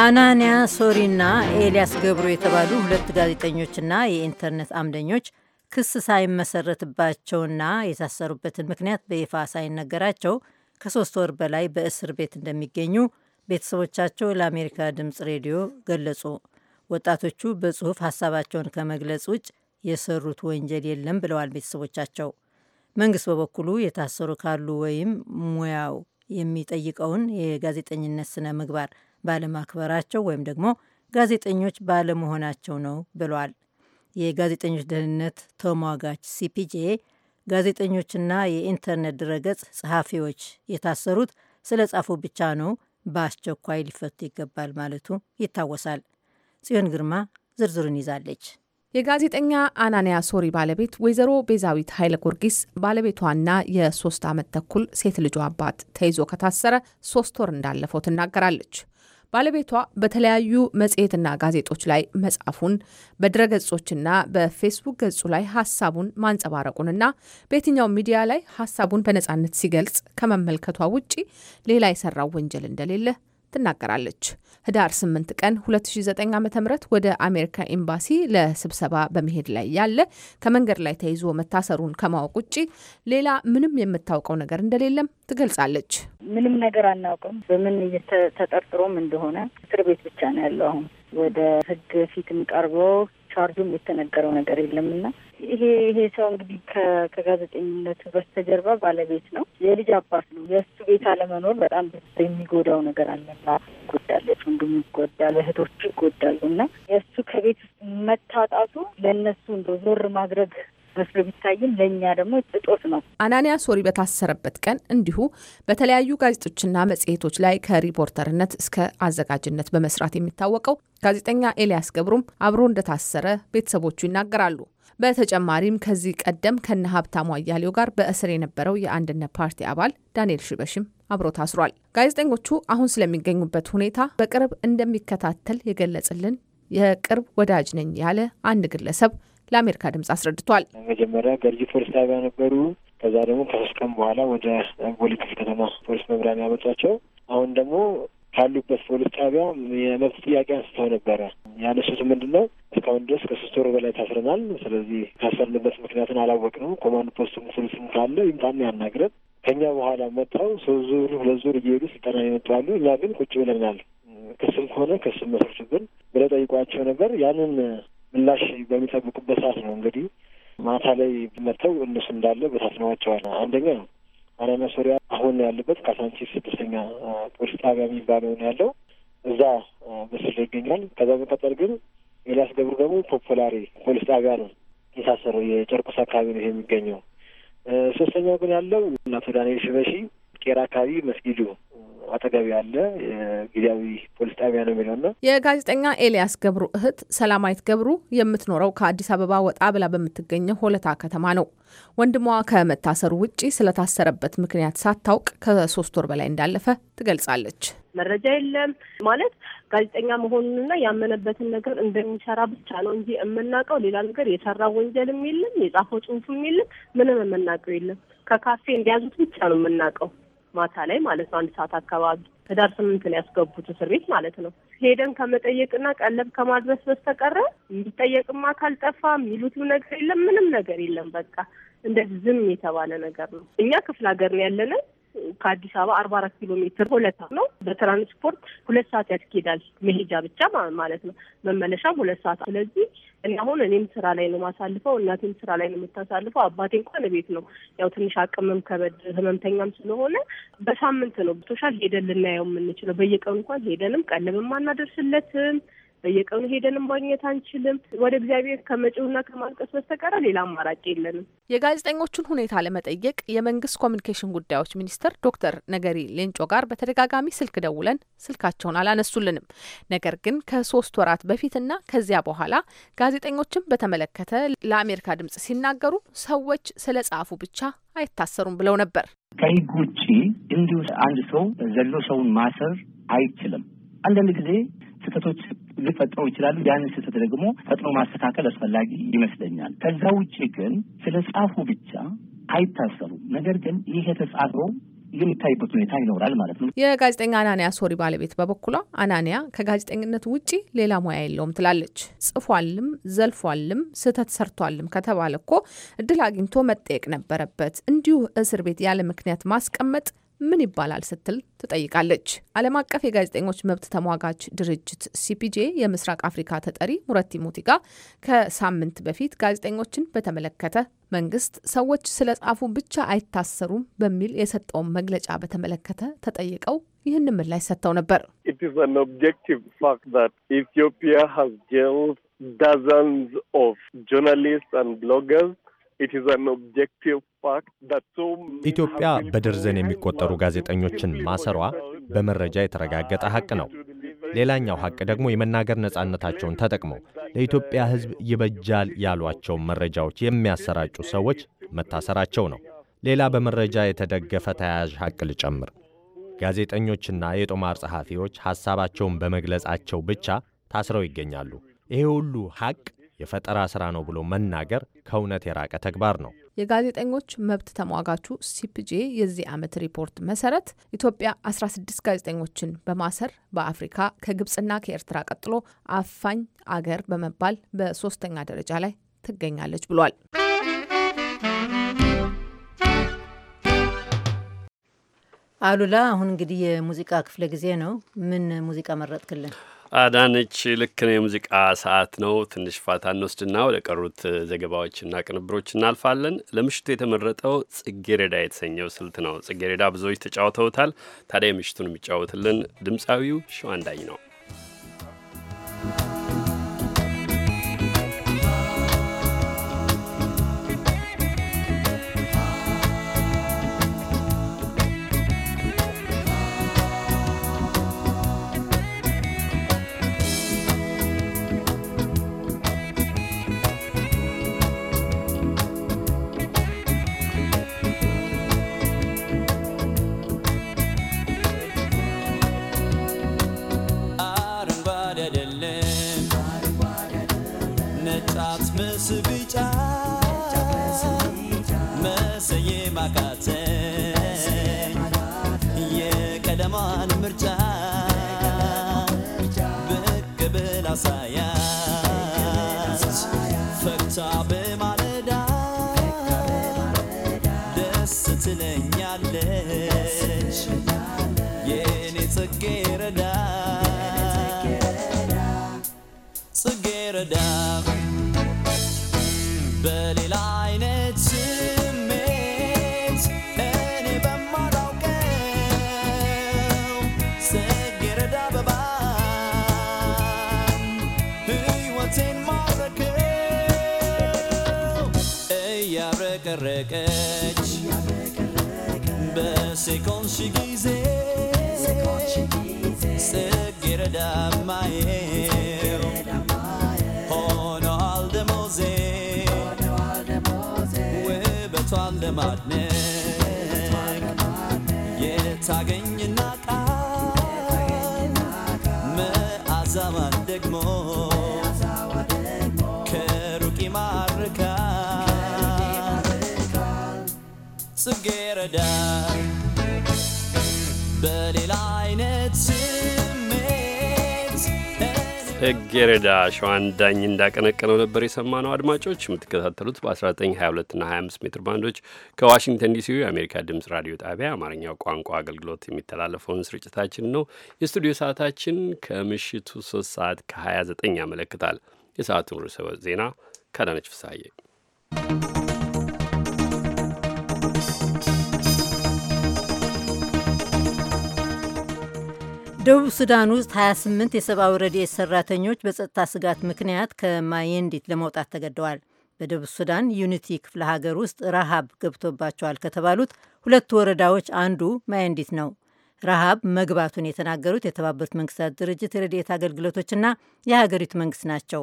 አናንያ ሶሪና ኤልያስ ገብሮ የተባሉ ሁለት ጋዜጠኞችና የኢንተርኔት አምደኞች ክስ ሳይመሰረትባቸውና የታሰሩበትን ምክንያት በይፋ ሳይነገራቸው ከሶስት ወር በላይ በእስር ቤት እንደሚገኙ ቤተሰቦቻቸው ለአሜሪካ ድምፅ ሬዲዮ ገለጹ። ወጣቶቹ በጽሁፍ ሀሳባቸውን ከመግለጽ ውጭ የሰሩት ወንጀል የለም ብለዋል ቤተሰቦቻቸው። መንግስት በበኩሉ የታሰሩ ካሉ ወይም ሙያው የሚጠይቀውን የጋዜጠኝነት ስነ ምግባር ባለማክበራቸው ወይም ደግሞ ጋዜጠኞች ባለመሆናቸው ነው ብሏል። የጋዜጠኞች ደህንነት ተሟጋች ሲፒጄ ጋዜጠኞችና የኢንተርኔት ድረገጽ ጸሐፊዎች የታሰሩት ስለ ጻፉ ብቻ ነው፣ በአስቸኳይ ሊፈቱ ይገባል ማለቱ ይታወሳል። ጽዮን ግርማ ዝርዝሩን ይዛለች። የጋዜጠኛ አናንያ ሶሪ ባለቤት ወይዘሮ ቤዛዊት ኃይለ ጊዮርጊስ ባለቤቷና የሶስት ዓመት ተኩል ሴት ልጇ አባት ተይዞ ከታሰረ ሶስት ወር እንዳለፈው ትናገራለች። ባለቤቷ በተለያዩ መጽሔትና ጋዜጦች ላይ መጻፉን ገጾችና በፌስቡክ ገጹ ላይ ሀሳቡን ማንጸባረቁንና በየትኛው ሚዲያ ላይ ሀሳቡን በነጻነት ሲገልጽ ከመመልከቷ ውጪ ሌላ የሰራው ወንጀል እንደሌለ ትናገራለች። ህዳር 8 ቀን 2009 ዓ ም ወደ አሜሪካ ኤምባሲ ለስብሰባ በመሄድ ላይ ያለ ከመንገድ ላይ ተይዞ መታሰሩን ከማወቅ ውጭ ሌላ ምንም የምታውቀው ነገር እንደሌለም ትገልጻለች። ምንም ነገር አናውቅም። በምን ተጠርጥሮም እንደሆነ እስር ቤት ብቻ ነው ያለው። አሁን ወደ ህግ ፊትም ቀርቦ ቻርጁም የተነገረው ነገር የለምና ይሄ ይሄ ሰው እንግዲህ ከጋዜጠኝነቱ በስተጀርባ ባለቤት ነው፣ የልጅ አባት ነው። የእሱ ቤት አለመኖር በጣም የሚጎዳው ነገር አለና ይጎዳለች፣ ወንድሙ ይጎዳል፣ እህቶቹ ይጎዳሉ። እና የእሱ ከቤት ውስጥ መታጣቱ ለእነሱ እንደ ዞር ማድረግ መስሎ ቢታይም ለእኛ ደግሞ እጦት ነው። አናንያ ሶሪ በታሰረበት ቀን እንዲሁ በተለያዩ ጋዜጦችና መጽሔቶች ላይ ከሪፖርተርነት እስከ አዘጋጅነት በመስራት የሚታወቀው ጋዜጠኛ ኤልያስ ገብሩም አብሮ እንደታሰረ ቤተሰቦቹ ይናገራሉ። በተጨማሪም ከዚህ ቀደም ከነ ሀብታሙ አያሌው ጋር በእስር የነበረው የአንድነት ፓርቲ አባል ዳንኤል ሽበሽም አብሮ ታስሯል። ጋዜጠኞቹ አሁን ስለሚገኙበት ሁኔታ በቅርብ እንደሚከታተል የገለጽልን የቅርብ ወዳጅ ነኝ ያለ አንድ ግለሰብ ለአሜሪካ ድምጽ አስረድቷል። መጀመሪያ ገርጂ ፖሊስ ጣቢያ ነበሩ። ከዛ ደግሞ ከሶስት ቀን በኋላ ወደ ቦሌ ክፍለ ከተማ ፖሊስ መምሪያ ያመጧቸው። አሁን ደግሞ ካሉበት ፖሊስ ጣቢያ የመብት ጥያቄ አንስተው ነበረ። ያነሱት ምንድን ነው? እስካሁን ድረስ ከሶስት ወር በላይ ታስረናል። ስለዚህ ካሰርንበት ምክንያትን አላወቅንም። ኮማንድ ፖስቱም ፖሊስም ካለ ይምጣን ያናግረን። ከኛ በኋላ መጥተው ሶስት ዙር ሁለት ዙር እየሄዱ ስልጠና ይመጣሉ። እኛ ግን ቁጭ ብለናል። ክስም ከሆነ ክስም መስርቱብን ብለ ጠይቋቸው ነበር። ያንን ምላሽ በሚጠብቁበት ሰዓት ነው እንግዲህ ማታ ላይ መጥተው እነሱ እንዳለ በታስነዋቸዋል። አንደኛ ነው ማርያም ሶሪያ አሁን ያለበት ካሳንቺስ ስድስተኛ ፖሊስ ጣቢያ የሚባለው ነው ያለው። እዛ ምስል ይገኛል። ከዛ በቀጠል ግን ኤልያስ ገብሩ ደግሞ ፖፖላሪ ፖሊስ ጣቢያ ነው የታሰረው። የጨርቆስ አካባቢ ነው ይሄ የሚገኘው። ሶስተኛው ግን ያለው አቶ ዳንኤል ሽበሺ ቄራ አካባቢ መስጊዱ አጠገብ ያለ ጊዜያዊ ፖሊስ ጣቢያ ነው የሚለው ነው። የጋዜጠኛ ኤልያስ ገብሩ እህት ሰላማዊት ገብሩ የምትኖረው ከአዲስ አበባ ወጣ ብላ በምትገኘው ሆለታ ከተማ ነው። ወንድሟ ከመታሰሩ ውጪ ስለታሰረበት ምክንያት ሳታውቅ ከሶስት ወር በላይ እንዳለፈ ትገልጻለች። መረጃ የለም ማለት ጋዜጠኛ መሆኑንና ያመነበትን ነገር እንደሚሰራ ብቻ ነው እንጂ የምናውቀው ሌላ ነገር የሰራ ወንጀልም የለም፣ የጻፈው ጽሁፍም የለም፣ ምንም የምናውቀው የለም። ከካፌ እንደያዙት ብቻ ነው የምናውቀው። ማታ ላይ ማለት ነው። አንድ ሰዓት አካባቢ ህዳር ስምንት ነው ያስገቡት እስር ቤት ማለት ነው። ሄደን ከመጠየቅና ቀለብ ከማድረስ በስተቀረ የሚጠየቅም አካል ጠፋ፣ የሚሉትም ነገር የለም፣ ምንም ነገር የለም። በቃ እንደዚህ ዝም የተባለ ነገር ነው። እኛ ክፍለ ሀገር ነው ያለንን ከአዲስ አበባ አርባ አራት ኪሎ ሜትር ሆለታ ነው። በትራንስፖርት ሁለት ሰዓት ያስኬዳል። መሄጃ ብቻ ማለት ነው። መመለሻም ሁለት ሰዓት። ስለዚህ እኔ አሁን እኔም ስራ ላይ ነው ማሳልፈው፣ እናቴም ስራ ላይ ነው የምታሳልፈው። አባቴ እንኳን ቤት ነው። ያው ትንሽ አቅምም ከበድ ህመምተኛም ስለሆነ በሳምንት ነው ብቶሻል ሄደን ልናየው የምንችለው። በየቀኑ እንኳን ሄደንም ቀለብም አናደርስለትም በየቀኑ ሄደንም ማግኘት አንችልም። ወደ እግዚአብሔር ከመጪውና ከማልቀስ በስተቀረ ሌላ አማራጭ የለንም። የጋዜጠኞቹን ሁኔታ ለመጠየቅ የመንግስት ኮሚኒኬሽን ጉዳዮች ሚኒስትር ዶክተር ነገሪ ሌንጮ ጋር በተደጋጋሚ ስልክ ደውለን ስልካቸውን አላነሱልንም። ነገር ግን ከሶስት ወራት በፊትና ከዚያ በኋላ ጋዜጠኞችን በተመለከተ ለአሜሪካ ድምጽ ሲናገሩ ሰዎች ስለ ጻፉ ብቻ አይታሰሩም ብለው ነበር። ከህግ ውጭ እንዲሁ አንድ ሰው ዘሎ ሰውን ማሰር አይችልም። አንዳንድ ጊዜ ስህተቶች ሊፈጠሩ ይችላሉ። ያንን ስህተት ደግሞ ፈጥኖ ማስተካከል አስፈላጊ ይመስለኛል። ከዛ ውጭ ግን ስለ ጻፉ ብቻ አይታሰሩም። ነገር ግን ይህ የተጻፈው የሚታይበት ሁኔታ ይኖራል ማለት ነው። የጋዜጠኛ አናንያ ሶሪ ባለቤት በበኩሏ አናንያ ከጋዜጠኝነት ውጪ ሌላ ሙያ የለውም ትላለች። ጽፏልም፣ ዘልፏልም፣ ስህተት ሰርቷልም ከተባለ እኮ እድል አግኝቶ መጠየቅ ነበረበት። እንዲሁ እስር ቤት ያለ ምክንያት ማስቀመጥ ምን ይባላል ስትል ትጠይቃለች። ዓለም አቀፍ የጋዜጠኞች መብት ተሟጋች ድርጅት ሲፒጄ የምስራቅ አፍሪካ ተጠሪ ሙረቲ ሙቲጋ ከሳምንት በፊት ጋዜጠኞችን በተመለከተ መንግስት ሰዎች ስለ ጻፉ ብቻ አይታሰሩም በሚል የሰጠውን መግለጫ በተመለከተ ተጠይቀው ይህን ምላሽ ሰጥተው ነበር። ኢትዮጵያ ኢትዮጵያ በድርዘን የሚቆጠሩ ጋዜጠኞችን ማሰሯ በመረጃ የተረጋገጠ ሐቅ ነው። ሌላኛው ሐቅ ደግሞ የመናገር ነጻነታቸውን ተጠቅመው ለኢትዮጵያ ሕዝብ ይበጃል ያሏቸውን መረጃዎች የሚያሰራጩ ሰዎች መታሰራቸው ነው። ሌላ በመረጃ የተደገፈ ተያያዥ ሐቅ ልጨምር። ጋዜጠኞችና የጦማር ጸሐፊዎች ሐሳባቸውን በመግለጻቸው ብቻ ታስረው ይገኛሉ። ይሄ ሁሉ ሐቅ የፈጠራ ስራ ነው ብሎ መናገር ከእውነት የራቀ ተግባር ነው። የጋዜጠኞች መብት ተሟጋቹ ሲፒጄ የዚህ ዓመት ሪፖርት መሰረት ኢትዮጵያ 16 ጋዜጠኞችን በማሰር በአፍሪካ ከግብፅና ከኤርትራ ቀጥሎ አፋኝ አገር በመባል በሶስተኛ ደረጃ ላይ ትገኛለች ብሏል። አሉላ፣ አሁን እንግዲህ የሙዚቃ ክፍለ ጊዜ ነው። ምን ሙዚቃ መረጥክልን? አዳነች ልክ ነው። የሙዚቃ ሰዓት ነው። ትንሽ ፋታ እንወስድና ወደ ቀሩት ዘገባዎችና ቅንብሮች እናልፋለን። ለምሽቱ የተመረጠው ጽጌሬዳ የተሰኘው ስልት ነው። ጽጌሬዳ ብዙዎች ተጫውተውታል። ታዲያ የምሽቱን የሚጫወትልን ድምፃዊው ሸዋንዳኝ ነው። ያብረቀረቀች በሴኮንሽ ጊዜ ጽጌረዳ ማየው ሆኖዋል ደሞዜ ውበቷን ለማድነቅ የታገኝና ቃል መዓዛዋን ደግሞ ጽጌረዳ በሌላ አይነት ጽጌረዳ ሸዋን ዳኝ እንዳቀነቀነው ነበር የሰማ ነው አድማጮች የምትከታተሉት በ1922ና 25 ሜትር ባንዶች ከዋሽንግተን ዲሲ የአሜሪካ ድምፅ ራዲዮ ጣቢያ አማርኛው ቋንቋ አገልግሎት የሚተላለፈውን ስርጭታችን ነው። የስቱዲዮ ሰዓታችን ከምሽቱ 3 ሰዓት ከ29 ያመለክታል። የሰዓቱን ርዕሰ ዜና ከዳነች ፍሳሐዬ ደቡብ ሱዳን ውስጥ 28 የሰብአዊ ረድኤት ሰራተኞች በጸጥታ ስጋት ምክንያት ከማየንዲት ለመውጣት ተገደዋል። በደቡብ ሱዳን ዩኒቲ ክፍለ ሀገር ውስጥ ረሃብ ገብቶባቸዋል ከተባሉት ሁለት ወረዳዎች አንዱ ማየንዲት ነው። ረሃብ መግባቱን የተናገሩት የተባበሩት መንግስታት ድርጅት የረድኤት አገልግሎቶችና የሀገሪቱ መንግስት ናቸው።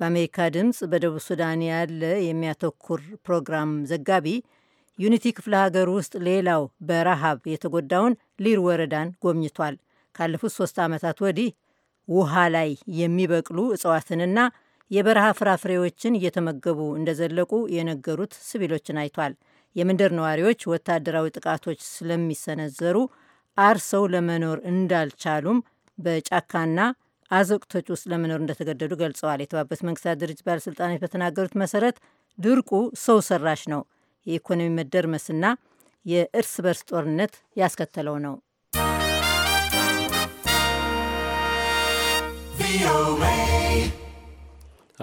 በአሜሪካ ድምፅ በደቡብ ሱዳን ያለ የሚያተኩር ፕሮግራም ዘጋቢ ዩኒቲ ክፍለ ሀገር ውስጥ ሌላው በረሃብ የተጎዳውን ሊር ወረዳን ጎብኝቷል። ካለፉት ሶስት ዓመታት ወዲህ ውሃ ላይ የሚበቅሉ እጽዋትንና የበረሃ ፍራፍሬዎችን እየተመገቡ እንደዘለቁ የነገሩት ሲቪሎችን አይቷል። የመንደር ነዋሪዎች ወታደራዊ ጥቃቶች ስለሚሰነዘሩ አርሰው ለመኖር እንዳልቻሉም በጫካና አዘቅቶች ውስጥ ለመኖር እንደተገደዱ ገልጸዋል። የተባበሩት መንግስታት ድርጅት ባለሥልጣናት በተናገሩት መሰረት ድርቁ ሰው ሰራሽ ነው፣ የኢኮኖሚ መደርመስና የእርስ በርስ ጦርነት ያስከተለው ነው።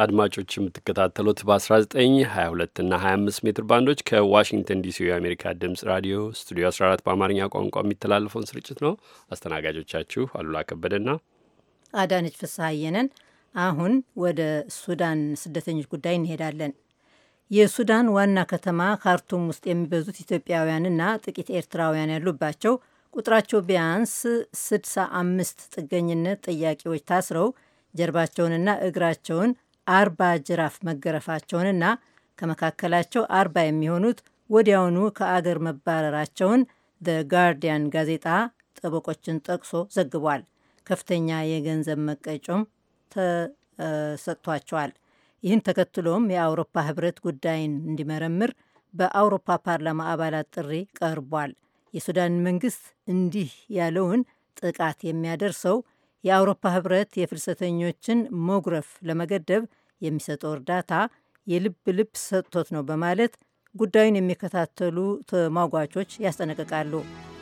አድማጮች የምትከታተሉት በ1922 እና 25 ሜትር ባንዶች ከዋሽንግተን ዲሲ የአሜሪካ ድምፅ ራዲዮ ስቱዲዮ 14 በአማርኛ ቋንቋ የሚተላለፈውን ስርጭት ነው። አስተናጋጆቻችሁ አሉላ ከበደና አዳነች ፍስሐየነን። አሁን ወደ ሱዳን ስደተኞች ጉዳይ እንሄዳለን። የሱዳን ዋና ከተማ ካርቱም ውስጥ የሚበዙት ኢትዮጵያውያንና ጥቂት ኤርትራውያን ያሉባቸው ቁጥራቸው ቢያንስ 65 ጥገኝነት ጠያቂዎች ታስረው ጀርባቸውንና እግራቸውን አርባ ጅራፍ መገረፋቸውንና ከመካከላቸው አርባ የሚሆኑት ወዲያውኑ ከአገር መባረራቸውን ደ ጋርዲያን ጋዜጣ ጠበቆችን ጠቅሶ ዘግቧል። ከፍተኛ የገንዘብ መቀጮም ተሰጥቷቸዋል። ይህን ተከትሎም የአውሮፓ ህብረት ጉዳይን እንዲመረምር በአውሮፓ ፓርላማ አባላት ጥሪ ቀርቧል። የሱዳን መንግስት እንዲህ ያለውን ጥቃት የሚያደርሰው የአውሮፓ ህብረት የፍልሰተኞችን መጉረፍ ለመገደብ የሚሰጠው እርዳታ የልብ ልብ ሰጥቶት ነው በማለት ጉዳዩን የሚከታተሉ ተሟጓቾች ያስጠነቅቃሉ።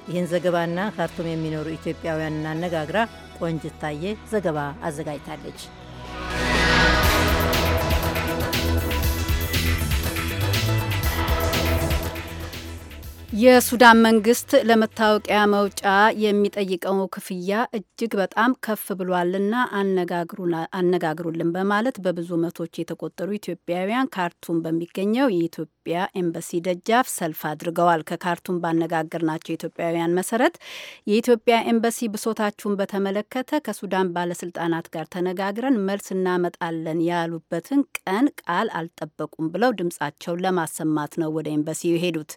ይህን ዘገባና ካርቱም የሚኖሩ ኢትዮጵያውያንን አነጋግራ ቆንጅታዬ ዘገባ አዘጋጅታለች። የሱዳን መንግስት ለመታወቂያ መውጫ የሚጠይቀው ክፍያ እጅግ በጣም ከፍ ብሏልና አነጋግሩልን በማለት በብዙ መቶች የተቆጠሩ ኢትዮጵያውያን ካርቱም በሚገኘው የኢትዮጵያ ኤምባሲ ደጃፍ ሰልፍ አድርገዋል። ከካርቱም ባነጋገርናቸው ኢትዮጵያውያን መሰረት የኢትዮጵያ ኤምባሲ ብሶታችሁን በተመለከተ ከሱዳን ባለስልጣናት ጋር ተነጋግረን መልስ እናመጣለን ያሉበትን ቀን ቃል አልጠበቁም ብለው ድምጻቸውን ለማሰማት ነው ወደ ኤምባሲው የሄዱት።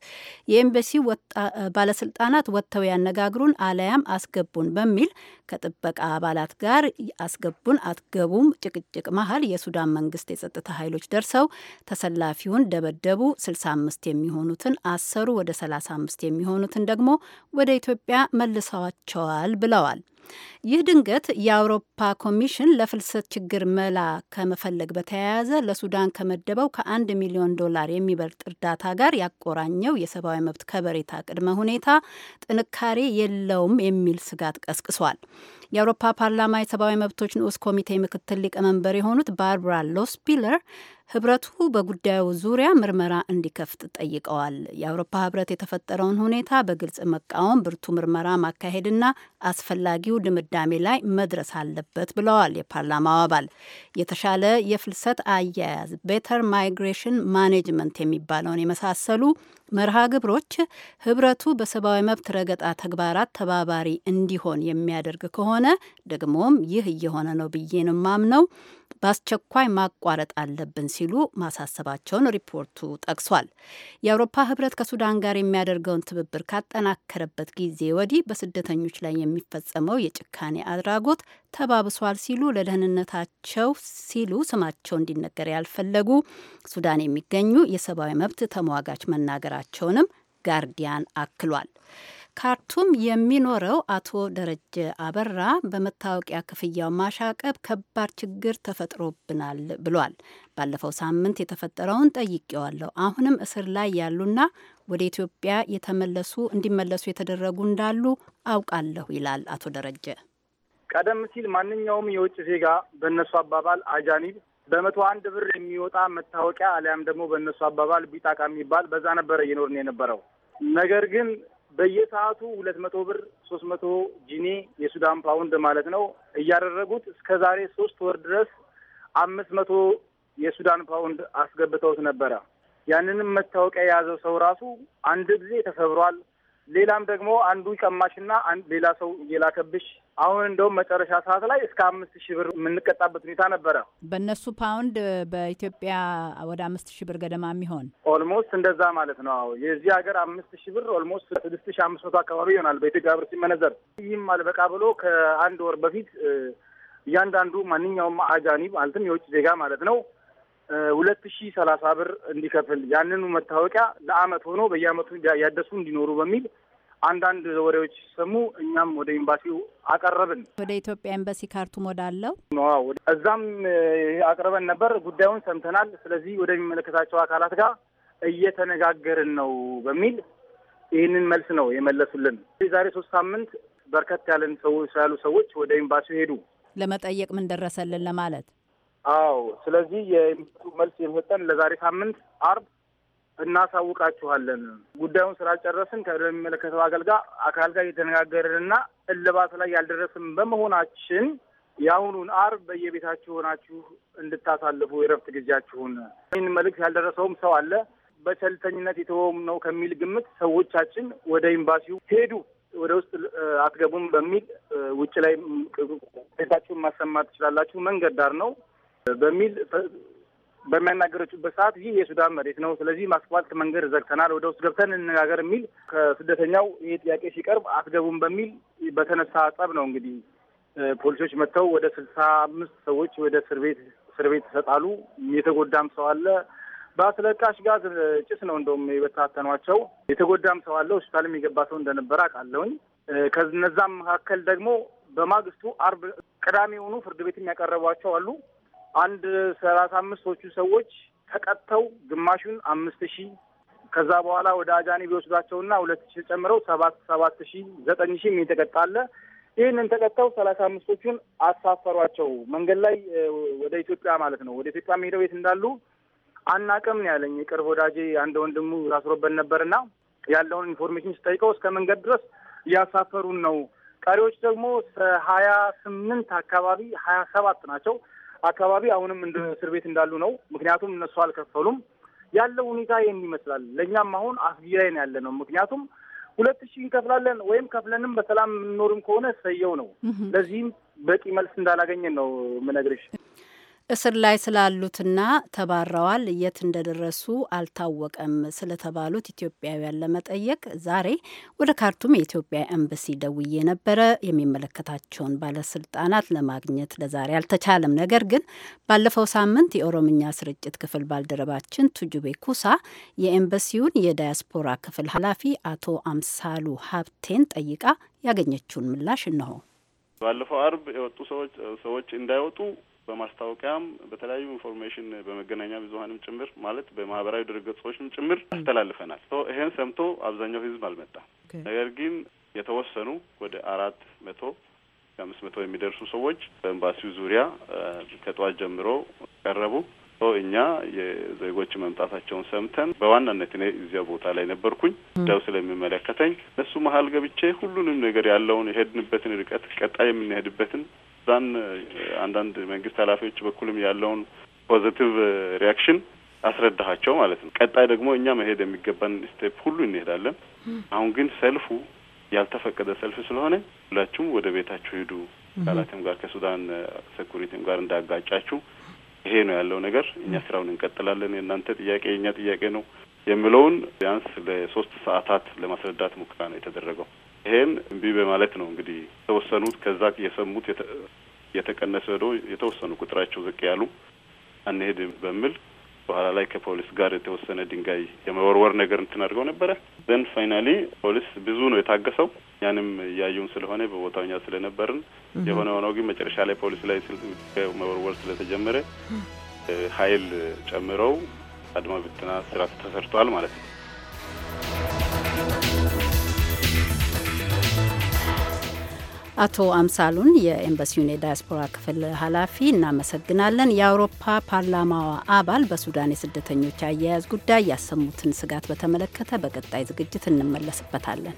ኤምባሲ ባለስልጣናት ወጥተው ያነጋግሩን አለያም አስገቡን በሚል ከጥበቃ አባላት ጋር አስገቡን አትገቡም ጭቅጭቅ መሀል የሱዳን መንግስት የጸጥታ ኃይሎች ደርሰው ተሰላፊውን ደበደቡ። 65 የሚሆኑትን አሰሩ፣ ወደ 35 የሚሆኑትን ደግሞ ወደ ኢትዮጵያ መልሰዋቸዋል ብለዋል። ይህ ድንገት የአውሮፓ ኮሚሽን ለፍልሰት ችግር መላ ከመፈለግ በተያያዘ ለሱዳን ከመደበው ከአንድ ሚሊዮን ዶላር የሚበልጥ እርዳታ ጋር ያቆራኘው የሰብአዊ መብት ከበሬታ ቅድመ ሁኔታ ጥንካሬ የለውም የሚል ስጋት ቀስቅሷል። የአውሮፓ ፓርላማ የሰብአዊ መብቶች ንዑስ ኮሚቴ ምክትል ሊቀመንበር የሆኑት ባርብራ ሎስፒለር ህብረቱ በጉዳዩ ዙሪያ ምርመራ እንዲከፍት ጠይቀዋል። የአውሮፓ ህብረት የተፈጠረውን ሁኔታ በግልጽ መቃወም፣ ብርቱ ምርመራ ማካሄድና አስፈላጊው ድምዳሜ ላይ መድረስ አለበት ብለዋል። የፓርላማው አባል የተሻለ የፍልሰት አያያዝ ቤተር ማይግሬሽን ማኔጅመንት የሚባለውን የመሳሰሉ መርሃ ግብሮች ህብረቱ በሰብአዊ መብት ረገጣ ተግባራት ተባባሪ እንዲሆን የሚያደርግ ከሆነ ደግሞም ይህ እየሆነ ነው ብዬ ነው ማምነው በአስቸኳይ ማቋረጥ አለብን ሲሉ ማሳሰባቸውን ሪፖርቱ ጠቅሷል። የአውሮፓ ህብረት ከሱዳን ጋር የሚያደርገውን ትብብር ካጠናከረበት ጊዜ ወዲህ በስደተኞች ላይ የሚፈጸመው የጭካኔ አድራጎት ተባብሷል ሲሉ ለደህንነታቸው ሲሉ ስማቸው እንዲነገር ያልፈለጉ ሱዳን የሚገኙ የሰብአዊ መብት ተሟጋች መናገራቸውንም ጋርዲያን አክሏል። ካርቱም የሚኖረው አቶ ደረጀ አበራ በመታወቂያ ክፍያው ማሻቀብ ከባድ ችግር ተፈጥሮብናል ብሏል። ባለፈው ሳምንት የተፈጠረውን ጠይቄዋለሁ። አሁንም እስር ላይ ያሉና ወደ ኢትዮጵያ የተመለሱ እንዲመለሱ የተደረጉ እንዳሉ አውቃለሁ ይላል አቶ ደረጀ። ቀደም ሲል ማንኛውም የውጭ ዜጋ በእነሱ አባባል አጃኒብ በመቶ አንድ ብር የሚወጣ መታወቂያ አሊያም ደግሞ በእነሱ አባባል ቢጣቃ የሚባል በዛ ነበረ እየኖርን የነበረው ነገር ግን በየሰዓቱ ሁለት መቶ ብር ሶስት መቶ ጂኒ የሱዳን ፓውንድ ማለት ነው እያደረጉት እስከ ዛሬ ሶስት ወር ድረስ አምስት መቶ የሱዳን ፓውንድ አስገብተውት ነበረ። ያንንም መታወቂያ የያዘው ሰው ራሱ አንድ ጊዜ ተሰብሯል፣ ሌላም ደግሞ አንዱ ቀማሽና ሌላ ሰው እየላከብሽ አሁን እንደውም መጨረሻ ሰዓት ላይ እስከ አምስት ሺህ ብር የምንቀጣበት ሁኔታ ነበረ። በእነሱ ፓውንድ በኢትዮጵያ ወደ አምስት ሺህ ብር ገደማ የሚሆን ኦልሞስት እንደዛ ማለት ነው። የዚህ ሀገር አምስት ሺህ ብር ኦልሞስት ስድስት ሺህ አምስት መቶ አካባቢ ይሆናል በኢትዮጵያ ብር ሲመነዘር። ይህም አልበቃ ብሎ ከአንድ ወር በፊት እያንዳንዱ ማንኛውም አጃኒብ ማለትም የውጭ ዜጋ ማለት ነው ሁለት ሺህ ሰላሳ ብር እንዲከፍል ያንኑ መታወቂያ ለአመት ሆኖ በየአመቱ ያደሱ እንዲኖሩ በሚል አንዳንድ ወሬዎች ሲሰሙ እኛም ወደ ኤምባሲው አቀረብን። ወደ ኢትዮጵያ ኤምባሲ ካርቱም ወዳለው እዛም አቅርበን ነበር። ጉዳዩን ሰምተናል። ስለዚህ ወደሚመለከታቸው አካላት ጋር እየተነጋገርን ነው በሚል ይህንን መልስ ነው የመለሱልን። የዛሬ ሶስት ሳምንት በርከት ያለን ሰዎች ያሉ ሰዎች ወደ ኤምባሲው ሄዱ ለመጠየቅ ምን ደረሰልን ለማለት አዎ። ስለዚህ የኢንቨስቱ መልስ የሚሰጠን ለዛሬ ሳምንት አርብ እናሳውቃችኋለን። ጉዳዩን ስላልጨረስን ከሚመለከተው አገልጋ አካል ጋር እየተነጋገርንና እልባት ላይ ያልደረስን በመሆናችን የአሁኑን አርብ በየቤታችሁ ሆናችሁ እንድታሳልፉ የረፍት ጊዜያችሁን። ይህን መልእክት ያልደረሰውም ሰው አለ በቸልተኝነት የተወውም ነው ከሚል ግምት ሰዎቻችን ወደ ኤምባሲው ሄዱ። ወደ ውስጥ አትገቡም በሚል ውጭ ላይ ቤታችሁን ማሰማት ትችላላችሁ። መንገድ ዳር ነው። በሚል በሚያናገረችበት ሰዓት ይህ የሱዳን መሬት ነው፣ ስለዚህ ማስፋልት መንገድ ዘግተናል፣ ወደ ውስጥ ገብተን እንነጋገር የሚል ከስደተኛው ይህ ጥያቄ ሲቀርብ አትገቡም በሚል በተነሳ ጸብ ነው እንግዲህ ፖሊሶች መጥተው ወደ ስልሳ አምስት ሰዎች ወደ እስር ቤት እስር ቤት ይሰጣሉ። የተጎዳም ሰው አለ። በአስለቃሽ ጋዝ ጭስ ነው እንደውም የበታተኗቸው። የተጎዳም ሰው አለ። ሆስፒታልም የሚገባ ሰው እንደነበረ አውቃለሁኝ። ከነዛም መካከል ደግሞ በማግስቱ አርብ፣ ቅዳሜ የሆኑ ፍርድ ቤትም ያቀረቧቸው አሉ። አንድ ሰላሳ አምስቶቹ ሰዎች ተቀጥተው ግማሹን አምስት ሺህ ከዛ በኋላ ወደ አጃኒ ቢወስዷቸውና ሁለት ሺህ ጨምረው ሰባት ሰባት ሺህ ዘጠኝ ሺህ የተቀጣለ ይህንን ተቀጥተው ሰላሳ አምስቶቹን አሳፈሯቸው። መንገድ ላይ ወደ ኢትዮጵያ ማለት ነው። ወደ ኢትዮጵያ የሚሄደው የት እንዳሉ አናቅም ነው ያለኝ የቅርብ ወዳጄ አንድ ወንድሙ ታስሮበት ነበርና ያለውን ኢንፎርሜሽን ስጠይቀው እስከ መንገድ ድረስ እያሳፈሩን ነው። ቀሪዎች ደግሞ ሀያ ስምንት አካባቢ ሀያ ሰባት ናቸው አካባቢ አሁንም እንደ እስር ቤት እንዳሉ ነው። ምክንያቱም እነሱ አልከፈሉም። ያለው ሁኔታ ይህን ይመስላል። ለእኛም አሁን አስጊ ላይ ነው ያለ ነው። ምክንያቱም ሁለት ሺህ እንከፍላለን ወይም ከፍለንም በሰላም የምንኖርም ከሆነ ሰየው ነው። ለዚህም በቂ መልስ እንዳላገኘን ነው ምነግርሽ። እስር ላይ ስላሉትና ተባረዋል የት እንደደረሱ አልታወቀም ስለተባሉት ኢትዮጵያውያን ለመጠየቅ ዛሬ ወደ ካርቱም የኢትዮጵያ ኤምባሲ ደውዬ ነበረ። የሚመለከታቸውን ባለስልጣናት ለማግኘት ለዛሬ አልተቻለም። ነገር ግን ባለፈው ሳምንት የኦሮምኛ ስርጭት ክፍል ባልደረባችን ቱጁቤ ኩሳ የኤምባሲውን የዳያስፖራ ክፍል ኃላፊ አቶ አምሳሉ ሀብቴን ጠይቃ ያገኘችውን ምላሽ እነሆ። ባለፈው አርብ የወጡ ሰዎች ሰዎች እንዳይወጡ በማስታወቂያም በተለያዩ ኢንፎርሜሽን በመገናኛ ብዙሀንም ጭምር ማለት በማህበራዊ ድረገጾችም ጭምር አስተላልፈናል። ይሄን ሰምቶ አብዛኛው ህዝብ አልመጣም። ነገር ግን የተወሰኑ ወደ አራት መቶ አምስት መቶ የሚደርሱ ሰዎች በኤምባሲው ዙሪያ ከጠዋት ጀምሮ ቀረቡ። እኛ የዜጎች መምጣታቸውን ሰምተን በዋናነት እኔ እዚያ ቦታ ላይ ነበርኩኝ። ደው ስለሚመለከተኝ እነሱ መሀል ገብቼ ሁሉንም ነገር ያለውን የሄድንበትን ርቀት፣ ቀጣይ የምንሄድበትን እዛን አንዳንድ መንግስት ኃላፊዎች በኩልም ያለውን ፖዘቲቭ ሪያክሽን አስረዳሃቸው ማለት ነው። ቀጣይ ደግሞ እኛ መሄድ የሚገባን ስቴፕ ሁሉ እንሄዳለን። አሁን ግን ሰልፉ ያልተፈቀደ ሰልፍ ስለሆነ ሁላችሁም ወደ ቤታችሁ ሂዱ፣ ካላትም ጋር ከሱዳን ሴኩሪቲም ጋር እንዳጋጫችሁ፣ ይሄ ነው ያለው ነገር። እኛ ስራውን እንቀጥላለን። የእናንተ ጥያቄ የእኛ ጥያቄ ነው የሚለውን ቢያንስ ለሶስት ሰዓታት ለማስረዳት ሙከራ ነው የተደረገው። ይሄን እምቢ በማለት ነው እንግዲህ የተወሰኑት ከዛ የሰሙት የተቀነሰ ሄዶ የተወሰኑ ቁጥራቸው ዝቅ ያሉ አንሄድም በሚል በኋላ ላይ ከፖሊስ ጋር የተወሰነ ድንጋይ የመወርወር ነገር እንትን አድርገው ነበረ። ዘን ፋይናሊ ፖሊስ ብዙ ነው የታገሰው። ያንም እያዩን ስለሆነ በቦታውኛ ስለነበርን የሆነ ሆነው ግን መጨረሻ ላይ ፖሊስ ላይ መወርወር ስለተጀመረ ኃይል ጨምረው አድማ ብትና ስራ ተሰርቷል ማለት ነው። አቶ አምሳሉን የኤምባሲውን የዳያስፖራ ክፍል ኃላፊ እናመሰግናለን። የአውሮፓ ፓርላማዋ አባል በሱዳን የስደተኞች አያያዝ ጉዳይ ያሰሙትን ስጋት በተመለከተ በቀጣይ ዝግጅት እንመለስበታለን።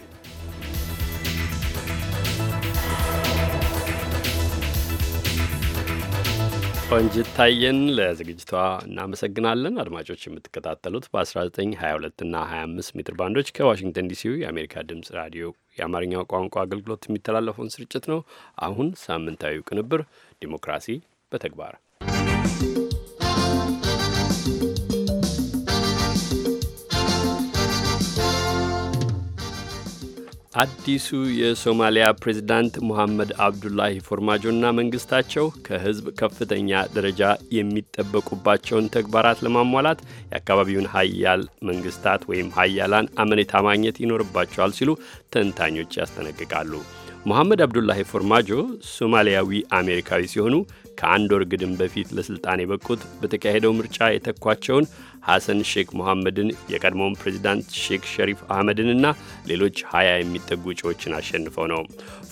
ቆንጅ ታየን ለዝግጅቷ እናመሰግናለን። አድማጮች የምትከታተሉት በ1922 እና 25 ሜትር ባንዶች ከዋሽንግተን ዲሲው የአሜሪካ ድምፅ ራዲዮ የአማርኛው ቋንቋ አገልግሎት የሚተላለፈውን ስርጭት ነው። አሁን ሳምንታዊው ቅንብር ዲሞክራሲ በተግባር አዲሱ የሶማሊያ ፕሬዚዳንት ሞሐመድ አብዱላሂ ፎርማጆና መንግስታቸው ከህዝብ ከፍተኛ ደረጃ የሚጠበቁባቸውን ተግባራት ለማሟላት የአካባቢውን ሀያል መንግስታት ወይም ሀያላን አመኔታ ማግኘት ይኖርባቸዋል ሲሉ ተንታኞች ያስጠነቅቃሉ። ሙሐመድ አብዱላሂ ፎርማጆ ሶማሊያዊ አሜሪካዊ ሲሆኑ ከአንድ ወር ግድም በፊት ለስልጣን የበቁት በተካሄደው ምርጫ የተኳቸውን ሐሰን ሼክ ሞሐመድን የቀድሞውን ፕሬዚዳንት ሼክ ሸሪፍ አህመድንና ሌሎች ሀያ የሚጠጉ እጩዎችን አሸንፈው ነው።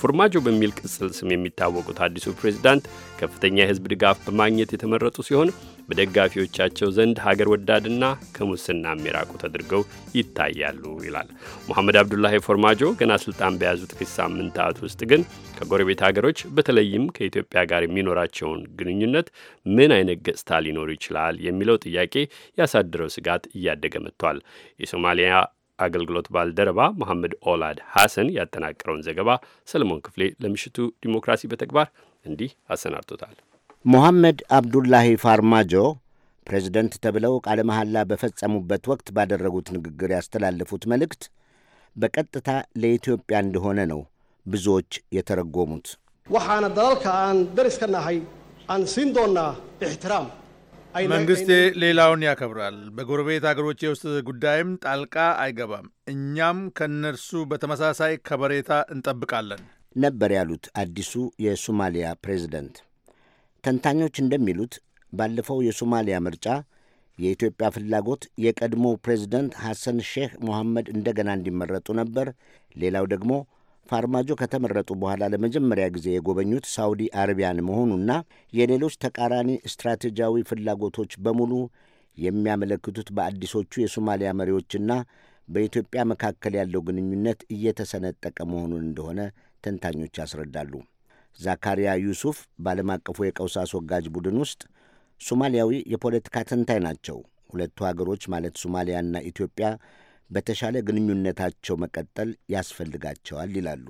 ፉርማጆ በሚል ቅጽል ስም የሚታወቁት አዲሱ ፕሬዚዳንት ከፍተኛ የህዝብ ድጋፍ በማግኘት የተመረጡ ሲሆን በደጋፊዎቻቸው ዘንድ ሀገር ወዳድና ከሙስና የሚራቁ ተደርገው ይታያሉ ይላል። ሙሐመድ አብዱላሂ ፎርማጆ ገና ስልጣን በያዙ ጥቂት ሳምንታት ውስጥ ግን ከጎረቤት ሀገሮች በተለይም ከኢትዮጵያ ጋር የሚኖራቸውን ግንኙነት ምን አይነት ገጽታ ሊኖር ይችላል የሚለው ጥያቄ ያሳደረው ስጋት እያደገ መጥቷል። የሶማሊያ አገልግሎት ባልደረባ መሐመድ ኦላድ ሐሰን ያጠናቀረውን ዘገባ ሰለሞን ክፍሌ ለምሽቱ ዲሞክራሲ በተግባር እንዲህ አሰናድቶታል። ሞሐመድ አብዱላሂ ፋርማጆ ፕሬዝደንት ተብለው ቃለ መሐላ በፈጸሙበት ወቅት ባደረጉት ንግግር ያስተላለፉት መልእክት በቀጥታ ለኢትዮጵያ እንደሆነ ነው ብዙዎች የተረጎሙት። waxaana ደላልካ አን deris ከናሃይ አን aan siin መንግስቴ ሌላውን ያከብራል። በጎረቤት አገሮች የውስጥ ጉዳይም ጣልቃ አይገባም። እኛም ከነርሱ በተመሳሳይ ከበሬታ እንጠብቃለን ነበር ያሉት አዲሱ የሶማሊያ ፕሬዚደንት። ተንታኞች እንደሚሉት ባለፈው የሶማሊያ ምርጫ የኢትዮጵያ ፍላጎት የቀድሞ ፕሬዚደንት ሐሰን ሼህ ሞሐመድ እንደገና እንዲመረጡ ነበር። ሌላው ደግሞ ፋርማጆ ከተመረጡ በኋላ ለመጀመሪያ ጊዜ የጎበኙት ሳውዲ አረቢያን መሆኑና የሌሎች ተቃራኒ ስትራቴጂያዊ ፍላጎቶች በሙሉ የሚያመለክቱት በአዲሶቹ የሶማሊያ መሪዎችና በኢትዮጵያ መካከል ያለው ግንኙነት እየተሰነጠቀ መሆኑን እንደሆነ ተንታኞች ያስረዳሉ። ዛካሪያ ዩሱፍ በዓለም አቀፉ የቀውስ አስወጋጅ ቡድን ውስጥ ሶማሊያዊ የፖለቲካ ተንታኝ ናቸው። ሁለቱ ሀገሮች ማለት ሶማሊያና ኢትዮጵያ በተሻለ ግንኙነታቸው መቀጠል ያስፈልጋቸዋል ይላሉ።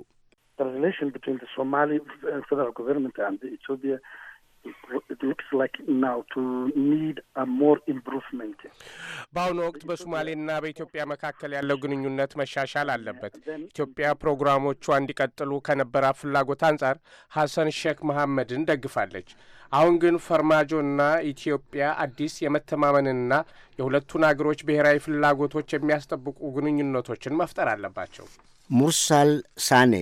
looks like now to need a more improvement በአሁኑ ወቅት በሶማሌና በኢትዮጵያ መካከል ያለው ግንኙነት መሻሻል አለበት። ኢትዮጵያ ፕሮግራሞቿ እንዲቀጥሉ ከነበራ ፍላጎት አንጻር ሐሰን ሼክ መሐመድን ደግፋለች። አሁን ግን ፈርማጆና ኢትዮጵያ አዲስ የመተማመንና የሁለቱን አገሮች ብሔራዊ ፍላጎቶች የሚያስጠብቁ ግንኙነቶችን መፍጠር አለባቸው። ሙርሳል ሳኔ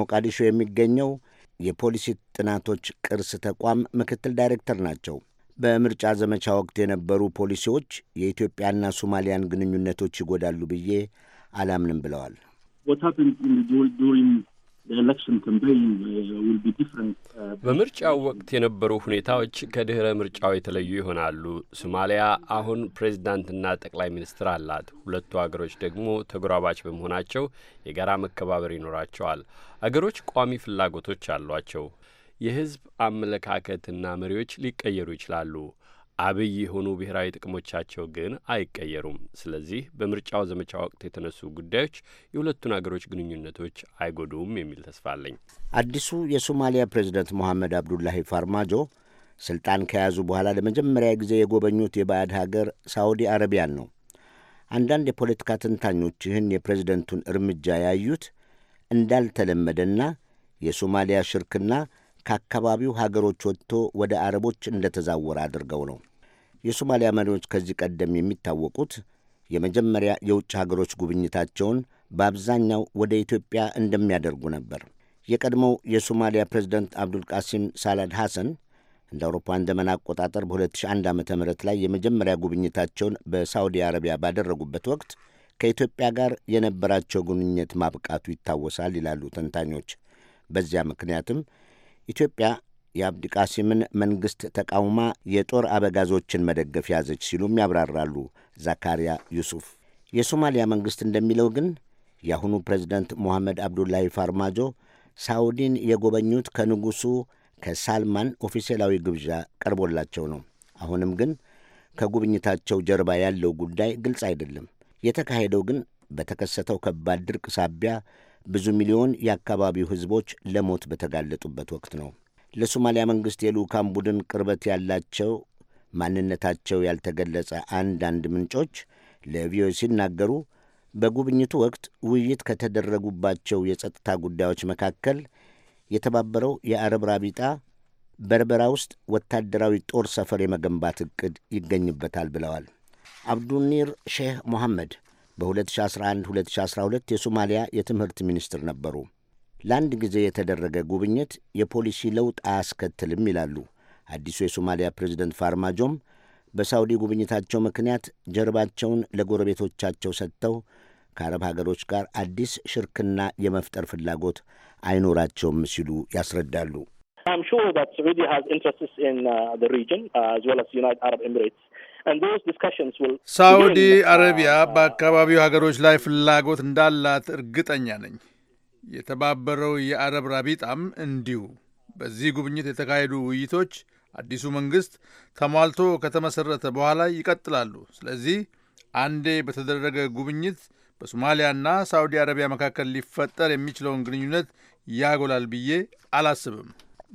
ሞቃዲሾ የሚገኘው የፖሊሲ ጥናቶች ቅርስ ተቋም ምክትል ዳይሬክተር ናቸው። በምርጫ ዘመቻ ወቅት የነበሩ ፖሊሲዎች የኢትዮጵያና ሶማሊያን ግንኙነቶች ይጎዳሉ ብዬ አላምንም ብለዋል። Uh, uh, በምርጫው ወቅት የነበሩ ሁኔታዎች ከድህረ ምርጫው የተለዩ ይሆናሉ። ሶማሊያ አሁን ፕሬዚዳንትና ጠቅላይ ሚኒስትር አላት። ሁለቱ አገሮች ደግሞ ተጎራባች በመሆናቸው የጋራ መከባበር ይኖራቸዋል። አገሮች ቋሚ ፍላጎቶች አሏቸው። የህዝብ አመለካከትና መሪዎች ሊቀየሩ ይችላሉ። አብይ የሆኑ ብሔራዊ ጥቅሞቻቸው ግን አይቀየሩም። ስለዚህ በምርጫው ዘመቻ ወቅት የተነሱ ጉዳዮች የሁለቱን አገሮች ግንኙነቶች አይጎዱም የሚል ተስፋ አለኝ። አዲሱ የሶማሊያ ፕሬዚደንት ሞሐመድ አብዱላሂ ፋርማጆ ስልጣን ከያዙ በኋላ ለመጀመሪያ ጊዜ የጎበኙት የባዕድ ሀገር ሳዑዲ አረቢያን ነው። አንዳንድ የፖለቲካ ተንታኞች ይህን የፕሬዚደንቱን እርምጃ ያዩት እንዳልተለመደና የሶማሊያ ሽርክና ከአካባቢው ሀገሮች ወጥቶ ወደ አረቦች እንደተዛወረ አድርገው ነው። የሶማሊያ መሪዎች ከዚህ ቀደም የሚታወቁት የመጀመሪያ የውጭ ሀገሮች ጉብኝታቸውን በአብዛኛው ወደ ኢትዮጵያ እንደሚያደርጉ ነበር። የቀድሞው የሶማሊያ ፕሬዚደንት አብዱልቃሲም ሳላድ ሐሰን እንደ አውሮፓውያን ዘመን አቆጣጠር በ2001 ዓ ም ላይ የመጀመሪያ ጉብኝታቸውን በሳውዲ አረቢያ ባደረጉበት ወቅት ከኢትዮጵያ ጋር የነበራቸው ግንኙነት ማብቃቱ ይታወሳል ይላሉ ተንታኞች። በዚያ ምክንያትም ኢትዮጵያ የአብዲ ቃሲምን መንግሥት ተቃውማ የጦር አበጋዞችን መደገፍ ያዘች ሲሉም ያብራራሉ ዛካሪያ ዩሱፍ። የሶማሊያ መንግሥት እንደሚለው ግን የአሁኑ ፕሬዚደንት ሞሐመድ አብዱላሂ ፋርማጆ ሳውዲን የጎበኙት ከንጉሡ ከሳልማን ኦፊሴላዊ ግብዣ ቀርቦላቸው ነው። አሁንም ግን ከጉብኝታቸው ጀርባ ያለው ጉዳይ ግልጽ አይደለም። የተካሄደው ግን በተከሰተው ከባድ ድርቅ ሳቢያ ብዙ ሚሊዮን የአካባቢው ሕዝቦች ለሞት በተጋለጡበት ወቅት ነው። ለሶማሊያ መንግሥት የልዑካን ቡድን ቅርበት ያላቸው ማንነታቸው ያልተገለጸ አንዳንድ ምንጮች ለቪኦኤ ሲናገሩ በጉብኝቱ ወቅት ውይይት ከተደረጉባቸው የጸጥታ ጉዳዮች መካከል የተባበረው የአረብ ራቢጣ በርበራ ውስጥ ወታደራዊ ጦር ሰፈር የመገንባት ዕቅድ ይገኝበታል ብለዋል። አብዱኒር ሼህ ሞሐመድ በ2011-2012 የሶማሊያ የትምህርት ሚኒስትር ነበሩ። ለአንድ ጊዜ የተደረገ ጉብኝት የፖሊሲ ለውጥ አያስከትልም ይላሉ አዲሱ የሶማሊያ ፕሬዚደንት ፋርማጆም በሳውዲ ጉብኝታቸው ምክንያት ጀርባቸውን ለጎረቤቶቻቸው ሰጥተው ከአረብ ሀገሮች ጋር አዲስ ሽርክና የመፍጠር ፍላጎት አይኖራቸውም ሲሉ ያስረዳሉ። ሳውዲ አረቢያ uh, በአካባቢው ሀገሮች ላይ ፍላጎት እንዳላት እርግጠኛ ነኝ። የተባበረው የአረብ ራቢጣም እንዲሁ። በዚህ ጉብኝት የተካሄዱ ውይይቶች አዲሱ መንግስት ተሟልቶ ከተመሠረተ በኋላ ይቀጥላሉ። ስለዚህ አንዴ በተደረገ ጉብኝት በሶማሊያና ሳውዲ አረቢያ መካከል ሊፈጠር የሚችለውን ግንኙነት ያጎላል ብዬ አላስብም።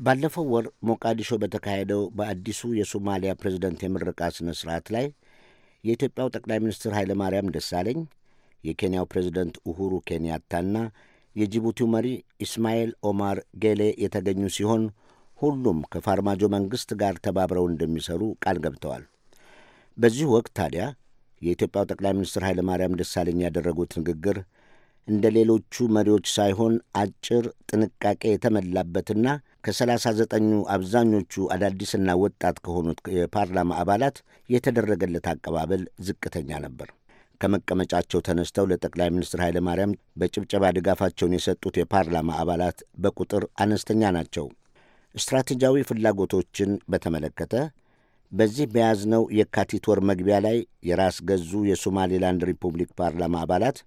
ባለፈው ወር ሞቃዲሾ በተካሄደው በአዲሱ የሶማሊያ ፕሬዝደንት የምረቃ ሥነ ሥርዓት ላይ የኢትዮጵያው ጠቅላይ ሚኒስትር ኃይለ ማርያም ደሳለኝ፣ የኬንያው ፕሬዝደንት ኡሁሩ ኬንያታና የጅቡቲው መሪ ኢስማኤል ኦማር ጌሌ የተገኙ ሲሆን ሁሉም ከፋርማጆ መንግሥት ጋር ተባብረው እንደሚሰሩ ቃል ገብተዋል። በዚሁ ወቅት ታዲያ የኢትዮጵያው ጠቅላይ ሚኒስትር ኃይለ ማርያም ደሳለኝ ያደረጉት ንግግር እንደ ሌሎቹ መሪዎች ሳይሆን አጭር፣ ጥንቃቄ የተሞላበትና ከ39ኙ አብዛኞቹ አዳዲስና ወጣት ከሆኑት የፓርላማ አባላት የተደረገለት አቀባበል ዝቅተኛ ነበር። ከመቀመጫቸው ተነስተው ለጠቅላይ ሚኒስትር ኃይለ ማርያም በጭብጨባ ድጋፋቸውን የሰጡት የፓርላማ አባላት በቁጥር አነስተኛ ናቸው። ስትራቴጂያዊ ፍላጎቶችን በተመለከተ በዚህ በያዝነው የካቲት ወር መግቢያ ላይ የራስ ገዙ የሶማሌላንድ ሪፑብሊክ ፓርላማ አባላት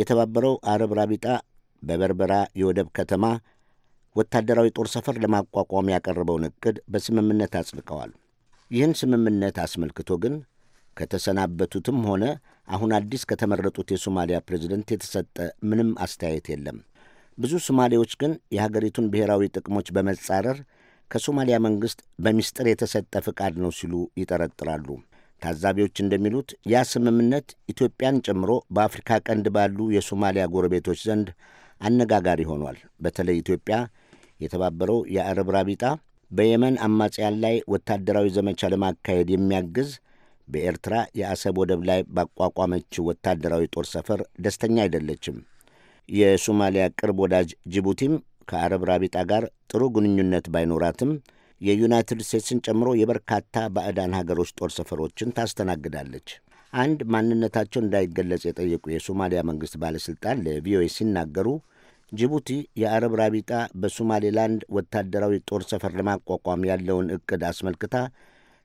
የተባበረው አረብ ራቢጣ በበርበራ የወደብ ከተማ ወታደራዊ ጦር ሰፈር ለማቋቋም ያቀረበውን እቅድ በስምምነት አጽድቀዋል። ይህን ስምምነት አስመልክቶ ግን ከተሰናበቱትም ሆነ አሁን አዲስ ከተመረጡት የሶማሊያ ፕሬዚደንት የተሰጠ ምንም አስተያየት የለም። ብዙ ሶማሌዎች ግን የሀገሪቱን ብሔራዊ ጥቅሞች በመጻረር ከሶማሊያ መንግሥት በሚስጥር የተሰጠ ፍቃድ ነው ሲሉ ይጠረጥራሉ። ታዛቢዎች እንደሚሉት ያ ስምምነት ኢትዮጵያን ጨምሮ በአፍሪካ ቀንድ ባሉ የሶማሊያ ጎረቤቶች ዘንድ አነጋጋሪ ሆኗል። በተለይ ኢትዮጵያ የተባበረው የአረብ ራቢጣ በየመን አማጽያን ላይ ወታደራዊ ዘመቻ ለማካሄድ የሚያግዝ በኤርትራ የአሰብ ወደብ ላይ ባቋቋመችው ወታደራዊ ጦር ሰፈር ደስተኛ አይደለችም። የሶማሊያ ቅርብ ወዳጅ ጅቡቲም ከአረብ ራቢጣ ጋር ጥሩ ግንኙነት ባይኖራትም የዩናይትድ ስቴትስን ጨምሮ የበርካታ ባዕዳን ሀገሮች ጦር ሰፈሮችን ታስተናግዳለች። አንድ ማንነታቸው እንዳይገለጽ የጠየቁ የሶማሊያ መንግሥት ባለሥልጣን ለቪኦኤ ሲናገሩ ጅቡቲ የአረብ ራቢጣ በሶማሌላንድ ወታደራዊ ጦር ሰፈር ለማቋቋም ያለውን እቅድ አስመልክታ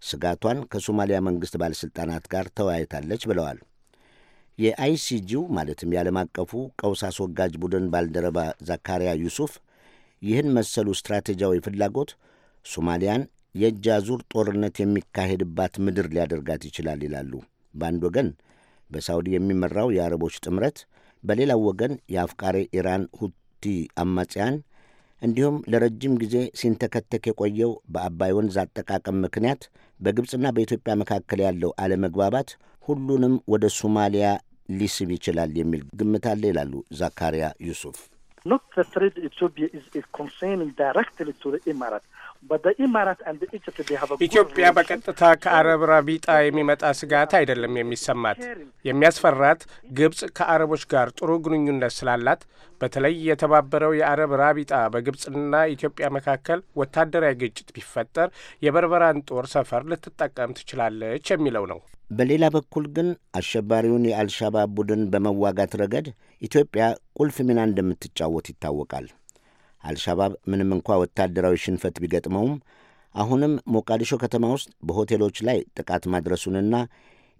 ስጋቷን ከሶማሊያ መንግሥት ባለሥልጣናት ጋር ተወያይታለች ብለዋል። የአይሲጂው ማለትም የዓለም አቀፉ ቀውስ አስወጋጅ ቡድን ባልደረባ ዘካሪያ ዩሱፍ ይህን መሰሉ ስትራቴጂያዊ ፍላጎት ሶማሊያን የእጅ አዙር ጦርነት የሚካሄድባት ምድር ሊያደርጋት ይችላል ይላሉ። በአንድ ወገን በሳውዲ የሚመራው የአረቦች ጥምረት በሌላው ወገን የአፍቃሪ ኢራን ሁቲ አማጽያን እንዲሁም ለረጅም ጊዜ ሲንተከተክ የቆየው በአባይ ወንዝ አጠቃቀም ምክንያት በግብፅና በኢትዮጵያ መካከል ያለው አለመግባባት ሁሉንም ወደ ሶማሊያ ሊስብ ይችላል የሚል ግምት አለ ይላሉ ዛካሪያ ዩሱፍ። ኢትዮጵያ በቀጥታ ከአረብ ራቢጣ የሚመጣ ስጋት አይደለም የሚሰማት። የሚያስፈራት ግብጽ ከአረቦች ጋር ጥሩ ግንኙነት ስላላት በተለይ የተባበረው የአረብ ራቢጣ በግብጽና ኢትዮጵያ መካከል ወታደራዊ ግጭት ቢፈጠር የበርበራን ጦር ሰፈር ልትጠቀም ትችላለች የሚለው ነው። በሌላ በኩል ግን አሸባሪውን የአልሻባብ ቡድን በመዋጋት ረገድ ኢትዮጵያ ቁልፍ ሚና እንደምትጫወት ይታወቃል። አልሻባብ ምንም እንኳ ወታደራዊ ሽንፈት ቢገጥመውም አሁንም ሞቃዲሾ ከተማ ውስጥ በሆቴሎች ላይ ጥቃት ማድረሱንና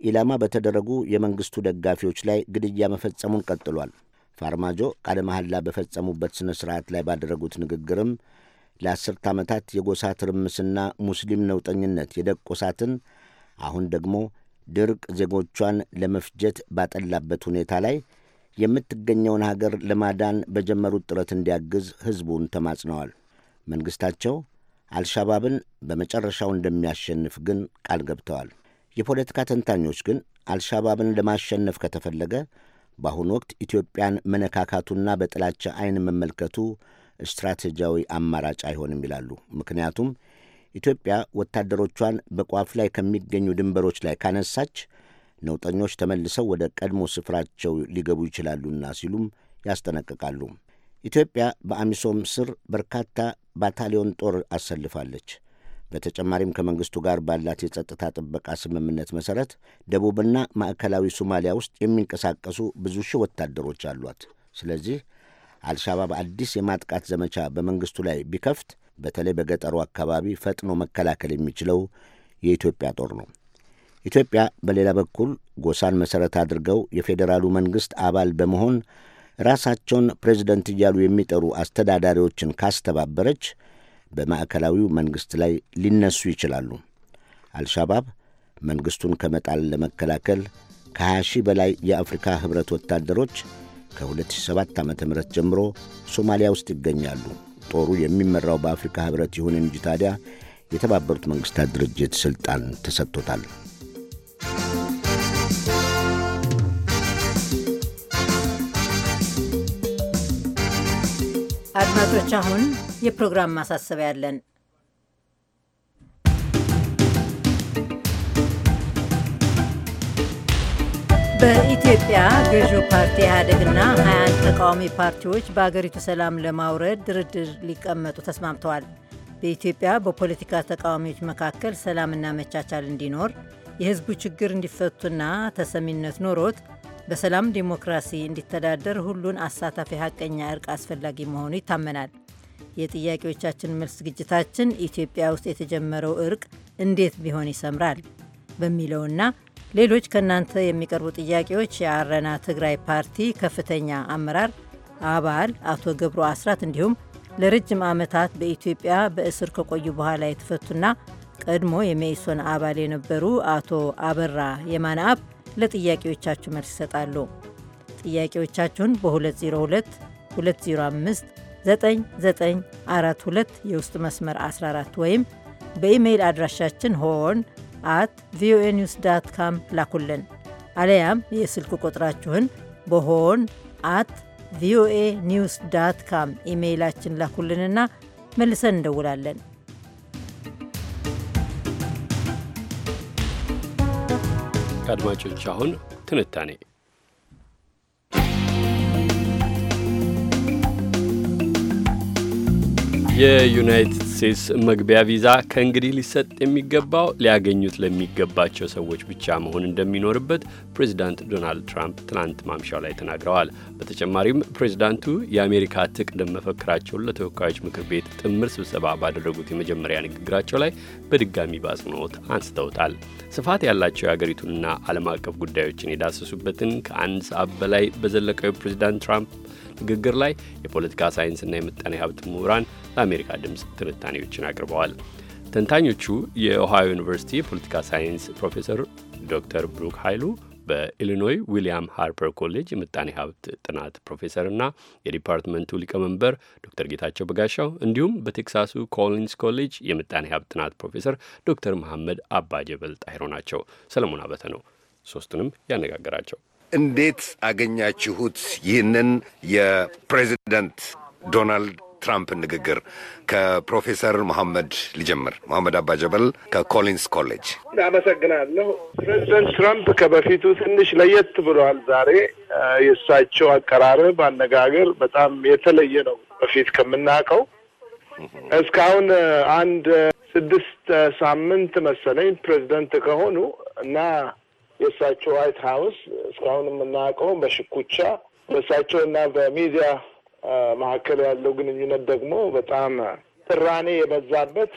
ኢላማ በተደረጉ የመንግሥቱ ደጋፊዎች ላይ ግድያ መፈጸሙን ቀጥሏል። ፋርማጆ ቃለ መሐላ በፈጸሙበት ሥነ ሥርዓት ላይ ባደረጉት ንግግርም ለአስርት ዓመታት የጎሳ ትርምስና ሙስሊም ነውጠኝነት የደቆሳትን አሁን ደግሞ ድርቅ ዜጎቿን ለመፍጀት ባጠላበት ሁኔታ ላይ የምትገኘውን ሀገር ለማዳን በጀመሩት ጥረት እንዲያግዝ ሕዝቡን ተማጽነዋል። መንግሥታቸው አልሻባብን በመጨረሻው እንደሚያሸንፍ ግን ቃል ገብተዋል። የፖለቲካ ተንታኞች ግን አልሻባብን ለማሸነፍ ከተፈለገ በአሁኑ ወቅት ኢትዮጵያን መነካካቱና በጥላቻ ዐይን መመልከቱ ስትራቴጂያዊ አማራጭ አይሆንም ይላሉ። ምክንያቱም ኢትዮጵያ ወታደሮቿን በቋፍ ላይ ከሚገኙ ድንበሮች ላይ ካነሳች ነውጠኞች ተመልሰው ወደ ቀድሞ ስፍራቸው ሊገቡ ይችላሉና ሲሉም ያስጠነቅቃሉ። ኢትዮጵያ በአሚሶም ስር በርካታ ባታሊዮን ጦር አሰልፋለች። በተጨማሪም ከመንግስቱ ጋር ባላት የጸጥታ ጥበቃ ስምምነት መሠረት ደቡብና ማዕከላዊ ሶማሊያ ውስጥ የሚንቀሳቀሱ ብዙ ሺህ ወታደሮች አሏት። ስለዚህ አልሻባብ አዲስ የማጥቃት ዘመቻ በመንግስቱ ላይ ቢከፍት በተለይ በገጠሩ አካባቢ ፈጥኖ መከላከል የሚችለው የኢትዮጵያ ጦር ነው። ኢትዮጵያ በሌላ በኩል ጎሳን መሠረት አድርገው የፌዴራሉ መንግሥት አባል በመሆን ራሳቸውን ፕሬዚደንት እያሉ የሚጠሩ አስተዳዳሪዎችን ካስተባበረች በማዕከላዊው መንግሥት ላይ ሊነሱ ይችላሉ። አልሻባብ መንግሥቱን ከመጣል ለመከላከል ከ20 ሺህ በላይ የአፍሪካ ኅብረት ወታደሮች ከ2007 ዓ ም ጀምሮ ሶማሊያ ውስጥ ይገኛሉ። ጦሩ የሚመራው በአፍሪካ ኅብረት ይሁን እንጂ ታዲያ የተባበሩት መንግሥታት ድርጅት ሥልጣን ተሰጥቶታል። አድማጮች አሁን የፕሮግራም ማሳሰቢያ ያለን በኢትዮጵያ ገዢው ፓርቲ ኢህአዴግና 21 ተቃዋሚ ፓርቲዎች በአገሪቱ ሰላም ለማውረድ ድርድር ሊቀመጡ ተስማምተዋል። በኢትዮጵያ በፖለቲካ ተቃዋሚዎች መካከል ሰላምና መቻቻል እንዲኖር የህዝቡ ችግር እንዲፈቱና ተሰሚነት ኖሮት በሰላም ዴሞክራሲ እንዲተዳደር ሁሉን አሳታፊ ሀቀኛ እርቅ አስፈላጊ መሆኑ ይታመናል። የጥያቄዎቻችን መልስ ዝግጅታችን ኢትዮጵያ ውስጥ የተጀመረው እርቅ እንዴት ቢሆን ይሰምራል በሚለውና ሌሎች ከእናንተ የሚቀርቡ ጥያቄዎች የአረና ትግራይ ፓርቲ ከፍተኛ አመራር አባል አቶ ገብሩ አስራት እንዲሁም ለረጅም ዓመታት በኢትዮጵያ በእስር ከቆዩ በኋላ የተፈቱና ቀድሞ የመኢሶን አባል የነበሩ አቶ አበራ የማነ አብ ለጥያቄዎቻችሁ መልስ ይሰጣሉ። ጥያቄዎቻችሁን በ202 205 9942 የውስጥ መስመር 14 ወይም በኢሜይል አድራሻችን ሆን አት ቪኦኤ ኒውስ ዳት ካም ላኩልን። አለያም የስልክ ቁጥራችሁን በሆን አት ቪኦኤ ኒውስ ዳት ካም ኢሜይላችን ላኩልንና መልሰን እንደውላለን። አድማጮች አሁን ትንታኔ የዩናይትድ ስቴትስ መግቢያ ቪዛ ከእንግዲህ ሊሰጥ የሚገባው ሊያገኙት ለሚገባቸው ሰዎች ብቻ መሆን እንደሚኖርበት ፕሬዚዳንት ዶናልድ ትራምፕ ትናንት ማምሻው ላይ ተናግረዋል። በተጨማሪም ፕሬዚዳንቱ የአሜሪካ ትቅደም መፈክራቸውን ለተወካዮች ምክር ቤት ጥምር ስብሰባ ባደረጉት የመጀመሪያ ንግግራቸው ላይ በድጋሚ በአጽንኦት አንስተውታል። ስፋት ያላቸው የአገሪቱንና ዓለም አቀፍ ጉዳዮችን የዳሰሱበትን ከአንድ ሰዓት በላይ በዘለቀው የፕሬዚዳንት ትራምፕ ንግግር ላይ የፖለቲካ ሳይንስና የምጣኔ ሀብት ምሁራን ለአሜሪካ ድምፅ ትንታኔዎችን አቅርበዋል። ተንታኞቹ የኦሃዮ ዩኒቨርሲቲ የፖለቲካ ሳይንስ ፕሮፌሰር ዶክተር ብሩክ ኃይሉ በኢሊኖይ ዊሊያም ሃርፐር ኮሌጅ የምጣኔ ሀብት ጥናት ፕሮፌሰርና የዲፓርትመንቱ ሊቀመንበር ዶክተር ጌታቸው በጋሻው እንዲሁም በቴክሳሱ ኮሊንስ ኮሌጅ የምጣኔ ሀብት ጥናት ፕሮፌሰር ዶክተር መሐመድ አባ ጀበል ጣሂሮ ናቸው። ሰለሞን አበተ ነው ሶስቱንም ያነጋገራቸው። እንዴት አገኛችሁት ይህንን የፕሬዚደንት ዶናልድ ትራምፕ ንግግር? ከፕሮፌሰር መሐመድ ሊጀምር። መሐመድ አባጀበል ከኮሊንስ ኮሌጅ አመሰግናለሁ። ፕሬዚደንት ትራምፕ ከበፊቱ ትንሽ ለየት ብለዋል ዛሬ። የእሳቸው አቀራረብ፣ አነጋገር በጣም የተለየ ነው በፊት ከምናውቀው። እስካሁን አንድ ስድስት ሳምንት መሰለኝ ፕሬዚደንት ከሆኑ እና የእሳቸው ዋይት ሀውስ እስካሁን የምናውቀው በሽኩቻ በእሳቸው እና በሚዲያ መካከል ያለው ግንኙነት ደግሞ በጣም ጥራኔ የበዛበት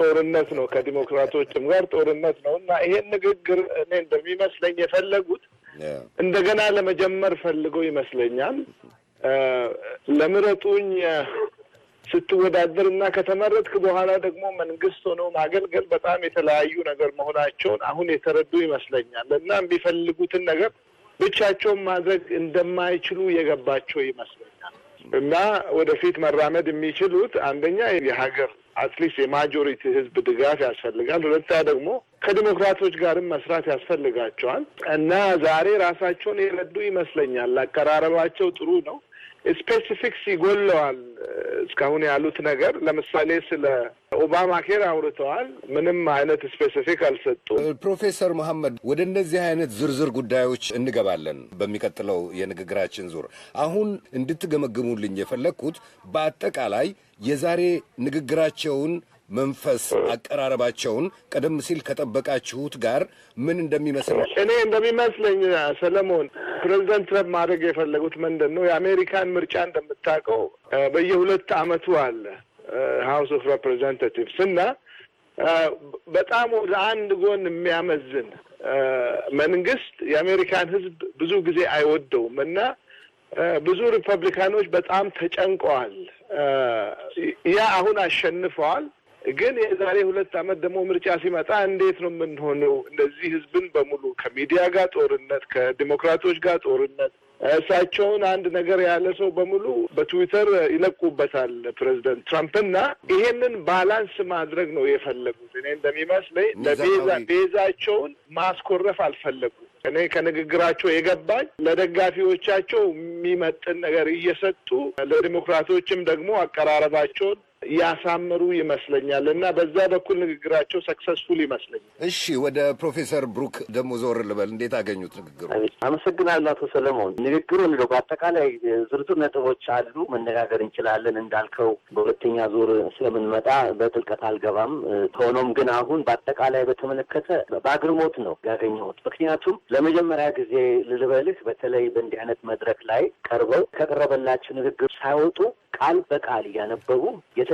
ጦርነት ነው፣ ከዲሞክራቶችም ጋር ጦርነት ነው እና ይሄን ንግግር እኔ እንደሚመስለኝ የፈለጉት እንደገና ለመጀመር ፈልገው ይመስለኛል። ለምረጡኝ ስትወዳደር እና ከተመረጥክ በኋላ ደግሞ መንግስት ሆኖ ማገልገል በጣም የተለያዩ ነገር መሆናቸውን አሁን የተረዱ ይመስለኛል እና የሚፈልጉትን ነገር ብቻቸውን ማድረግ እንደማይችሉ የገባቸው ይመስለኛል እና ወደፊት መራመድ የሚችሉት አንደኛ የሀገር አትሊስት የማጆሪቲ ህዝብ ድጋፍ ያስፈልጋል። ሁለታ ደግሞ ከዲሞክራቶች ጋርም መስራት ያስፈልጋቸዋል እና ዛሬ ራሳቸውን የረዱ ይመስለኛል። አቀራረባቸው ጥሩ ነው። ስፔሲፊክስ ይጎለዋል። እስካሁን ያሉት ነገር ለምሳሌ ስለ ኦባማ ኬር አውርተዋል። ምንም አይነት ስፔሲፊክ አልሰጡም። ፕሮፌሰር መሐመድ ወደ እነዚህ አይነት ዝርዝር ጉዳዮች እንገባለን በሚቀጥለው የንግግራችን ዙር። አሁን እንድትገመግሙልኝ የፈለግኩት በአጠቃላይ የዛሬ ንግግራቸውን መንፈስ አቀራረባቸውን ቀደም ሲል ከጠበቃችሁት ጋር ምን እንደሚመስል እኔ እንደሚመስለኝ ሰለሞን፣ ፕሬዚደንት ትረምፕ ማድረግ የፈለጉት ምንድን ነው? የአሜሪካን ምርጫ እንደምታውቀው በየሁለት አመቱ አለ ሀውስ ኦፍ ሬፕሬዘንታቲቭስ እና በጣም ወደ አንድ ጎን የሚያመዝን መንግስት የአሜሪካን ህዝብ ብዙ ጊዜ አይወደውም እና ብዙ ሪፐብሊካኖች በጣም ተጨንቀዋል። ያ አሁን አሸንፈዋል። ግን የዛሬ ሁለት ዓመት ደግሞ ምርጫ ሲመጣ እንዴት ነው የምንሆነው? እንደዚህ ህዝብን በሙሉ ከሚዲያ ጋር ጦርነት፣ ከዲሞክራቶች ጋር ጦርነት እሳቸውን አንድ ነገር ያለ ሰው በሙሉ በትዊተር ይለቁበታል ፕሬዚደንት እና ይሄንን ባላንስ ማድረግ ነው የፈለጉት። እኔ እንደሚመስለኝ ለቤዛ ቤዛቸውን ማስኮረፍ አልፈለጉ እኔ ከንግግራቸው የገባኝ ለደጋፊዎቻቸው የሚመጥን ነገር እየሰጡ ለዲሞክራቶችም ደግሞ አቀራረባቸውን ያሳምሩ ይመስለኛል እና በዛ በኩል ንግግራቸው ሰክሰስፉል ይመስለኛል። እሺ ወደ ፕሮፌሰር ብሩክ ደግሞ ዞር ልበል። እንዴት አገኙት ንግግሩ? አመሰግናለሁ አቶ ሰለሞን። ንግግሩ እንደው በአጠቃላይ ዝርዝር ነጥቦች አሉ፣ መነጋገር እንችላለን። እንዳልከው በሁለተኛ ዙር ስለምንመጣ በጥልቀት አልገባም። ሆኖም ግን አሁን በአጠቃላይ በተመለከተ በአግርሞት ነው ያገኘሁት። ምክንያቱም ለመጀመሪያ ጊዜ ልልበልህ በተለይ በእንዲህ አይነት መድረክ ላይ ቀርበው ከቀረበላቸው ንግግር ሳይወጡ ቃል በቃል እያነበቡ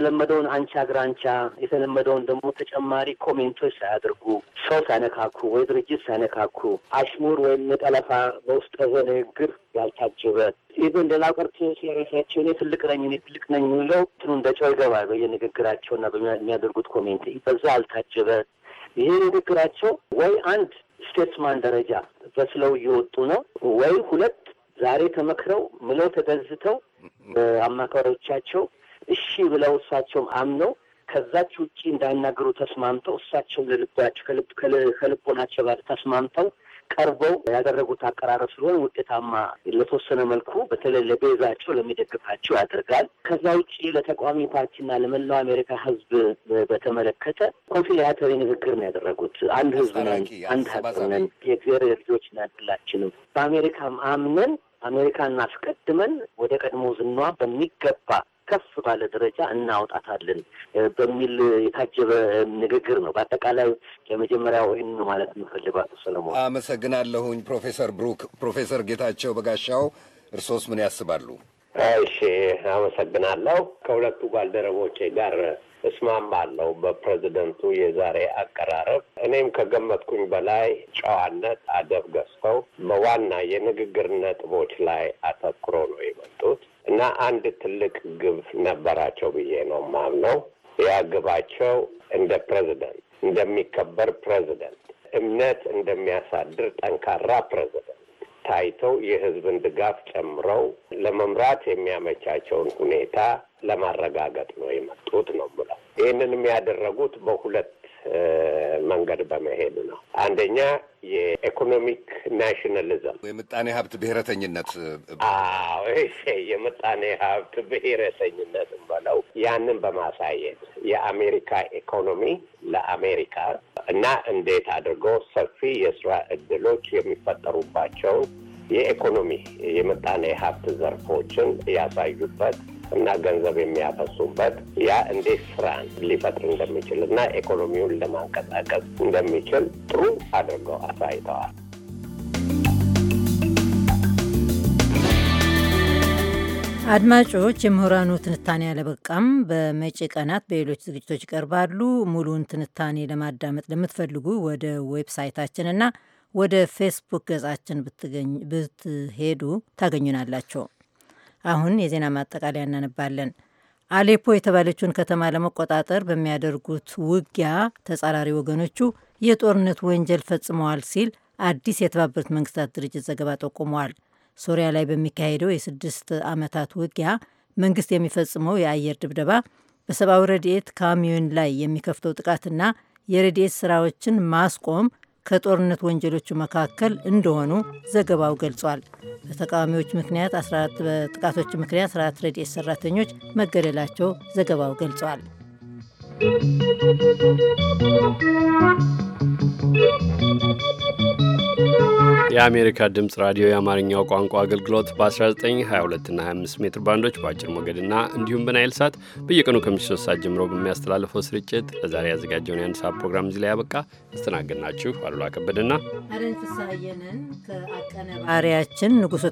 የተለመደውን አንቻ ግራንቻ የተለመደውን ደግሞ ተጨማሪ ኮሜንቶች ሳያደርጉ ሰው ሳነካኩ ወይ ድርጅት ሳነካኩ አሽሙር ወይም ጠለፋ በውስጥ የሆነ ንግግር ያልታጀበ ይህ ሌላ ቀርቶ የራሳቸው እኔ ትልቅ ነኝ እኔ ትልቅ ነኝ የሚለው ትኑ እንደ ጨው ይገባል በየንግግራቸው በየንግግራቸውና በሚያደርጉት ኮሜንት በዛ አልታጀበ ይሄ ንግግራቸው ወይ አንድ ስቴትስማን ደረጃ በስለው እየወጡ ነው ወይ ሁለት ዛሬ ተመክረው ምለው ተገዝተው በአማካሪዎቻቸው እሺ ብለው እሳቸውም አምነው ከዛች ውጭ እንዳይናገሩ ተስማምተው እሳቸው ለልባቸው ከልቦናቸው ጋር ተስማምተው ቀርበው ያደረጉት አቀራረብ ስለሆነ ውጤታማ ለተወሰነ መልኩ በተለይ ለቤዛቸው ለሚደግፋቸው ያደርጋል። ከዛ ውጭ ለተቃዋሚ ፓርቲና ለመላው አሜሪካ ሕዝብ በተመለከተ ኮንፊሊያተሪ ንግግር ነው ያደረጉት። አንድ ሕዝብ ነን፣ አንድ ሀገር ነን፣ የእግዚአብሔር ልጆች ነን፣ በአሜሪካም አምነን አሜሪካን አስቀድመን ወደ ቀድሞ ዝኗ በሚገባ ከፍ ባለ ደረጃ እናውጣታለን በሚል የታጀበ ንግግር ነው። በአጠቃላይ ለመጀመሪያ ይህን ማለት የምፈልገው ሰለሞን። አመሰግናለሁኝ ፕሮፌሰር ብሩክ። ፕሮፌሰር ጌታቸው በጋሻው እርሶስ ምን ያስባሉ? እሺ አመሰግናለሁ። ከሁለቱ ባልደረቦቼ ጋር እስማማለሁ በፕሬዚደንቱ የዛሬ አቀራረብ። እኔም ከገመትኩኝ በላይ ጨዋነት፣ አደብ ገዝተው በዋና የንግግር ነጥቦች ላይ አተኩሮ ነው የመጡት። እና አንድ ትልቅ ግብ ነበራቸው ብዬ ነው ማምነው። ያ ግባቸው እንደ ፕሬዚደንት እንደሚከበር ፕሬዚደንት፣ እምነት እንደሚያሳድር ጠንካራ ፕሬዚደንት ታይተው የህዝብን ድጋፍ ጨምረው ለመምራት የሚያመቻቸውን ሁኔታ ለማረጋገጥ ነው የመጡት ነው ብለው ይህንንም ያደረጉት በሁለት መንገድ በመሄድ ነው። አንደኛ የኢኮኖሚክ ናሽናሊዝም የምጣኔ ሀብት ብሔረተኝነት፣ የምጣኔ ሀብት ብሔረተኝነት በለው ያንን በማሳየት የአሜሪካ ኢኮኖሚ ለአሜሪካ እና እንዴት አድርጎ ሰፊ የስራ እድሎች የሚፈጠሩባቸው የኢኮኖሚ የምጣኔ ሀብት ዘርፎችን ያሳዩበት እና ገንዘብ የሚያፈሱበት ያ እንዴት ስራን ሊፈጥር እንደሚችል እና ኢኮኖሚውን ለማንቀሳቀስ እንደሚችል ጥሩ አድርገው አሳይተዋል። አድማጮች፣ የምሁራኑ ትንታኔ አለበቃም። በመጪ ቀናት በሌሎች ዝግጅቶች ይቀርባሉ። ሙሉውን ትንታኔ ለማዳመጥ ለምትፈልጉ ወደ ዌብሳይታችንና ወደ ፌስቡክ ገጻችን ብትሄዱ ታገኙናላቸው። አሁን የዜና ማጠቃለያ እናነባለን። አሌፖ የተባለችውን ከተማ ለመቆጣጠር በሚያደርጉት ውጊያ ተጻራሪ ወገኖቹ የጦርነት ወንጀል ፈጽመዋል ሲል አዲስ የተባበሩት መንግስታት ድርጅት ዘገባ ጠቁመዋል። ሶሪያ ላይ በሚካሄደው የስድስት ዓመታት ውጊያ መንግስት የሚፈጽመው የአየር ድብደባ በሰብአዊ ረድኤት ካሚዮን ላይ የሚከፍተው ጥቃትና የረድኤት ስራዎችን ማስቆም ከጦርነት ወንጀሎቹ መካከል እንደሆኑ ዘገባው ገልጿል። በተቃዋሚዎች ምክንያት በጥቃቶች ምክንያት 14 ረድኤት ሰራተኞች መገደላቸው ዘገባው ገልጿል። Thank you. የአሜሪካ ድምፅ ራዲዮ የአማርኛው ቋንቋ አገልግሎት በ1922 እና 25 ሜትር ባንዶች በአጭር ሞገድና እንዲሁም በናይል ሳት በየቀኑ ከምሽቱ ሶስት ሰዓት ጀምሮ በሚያስተላልፈው ስርጭት ለዛሬ ያዘጋጀውን የአንድ ሰዓት ፕሮግራም እዚህ ላይ ያበቃ። ያስተናገድናችሁ አሉላ ከበደና አረን ፍስሐየንን ከአቀነባሪያችን ንጉሱ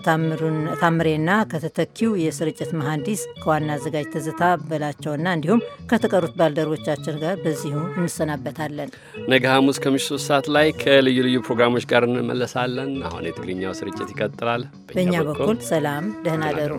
ታምሬና ከተተኪው የስርጭት መሐንዲስ ከዋና አዘጋጅ ትዝታ በላቸውና እንዲሁም ከተቀሩት ባልደረቦቻችን ጋር በዚሁ እንሰናበታለን። ነገ ሐሙስ ከምሽቱ ሰዓት ላይ ከልዩ ልዩ ፕሮግራሞች ጋር እንመለሳለን። እንሰናበታለን። አሁን የትግርኛው ስርጭት ይቀጥላል። በእኛ በኩል ሰላም፣ ደህና ደሩ።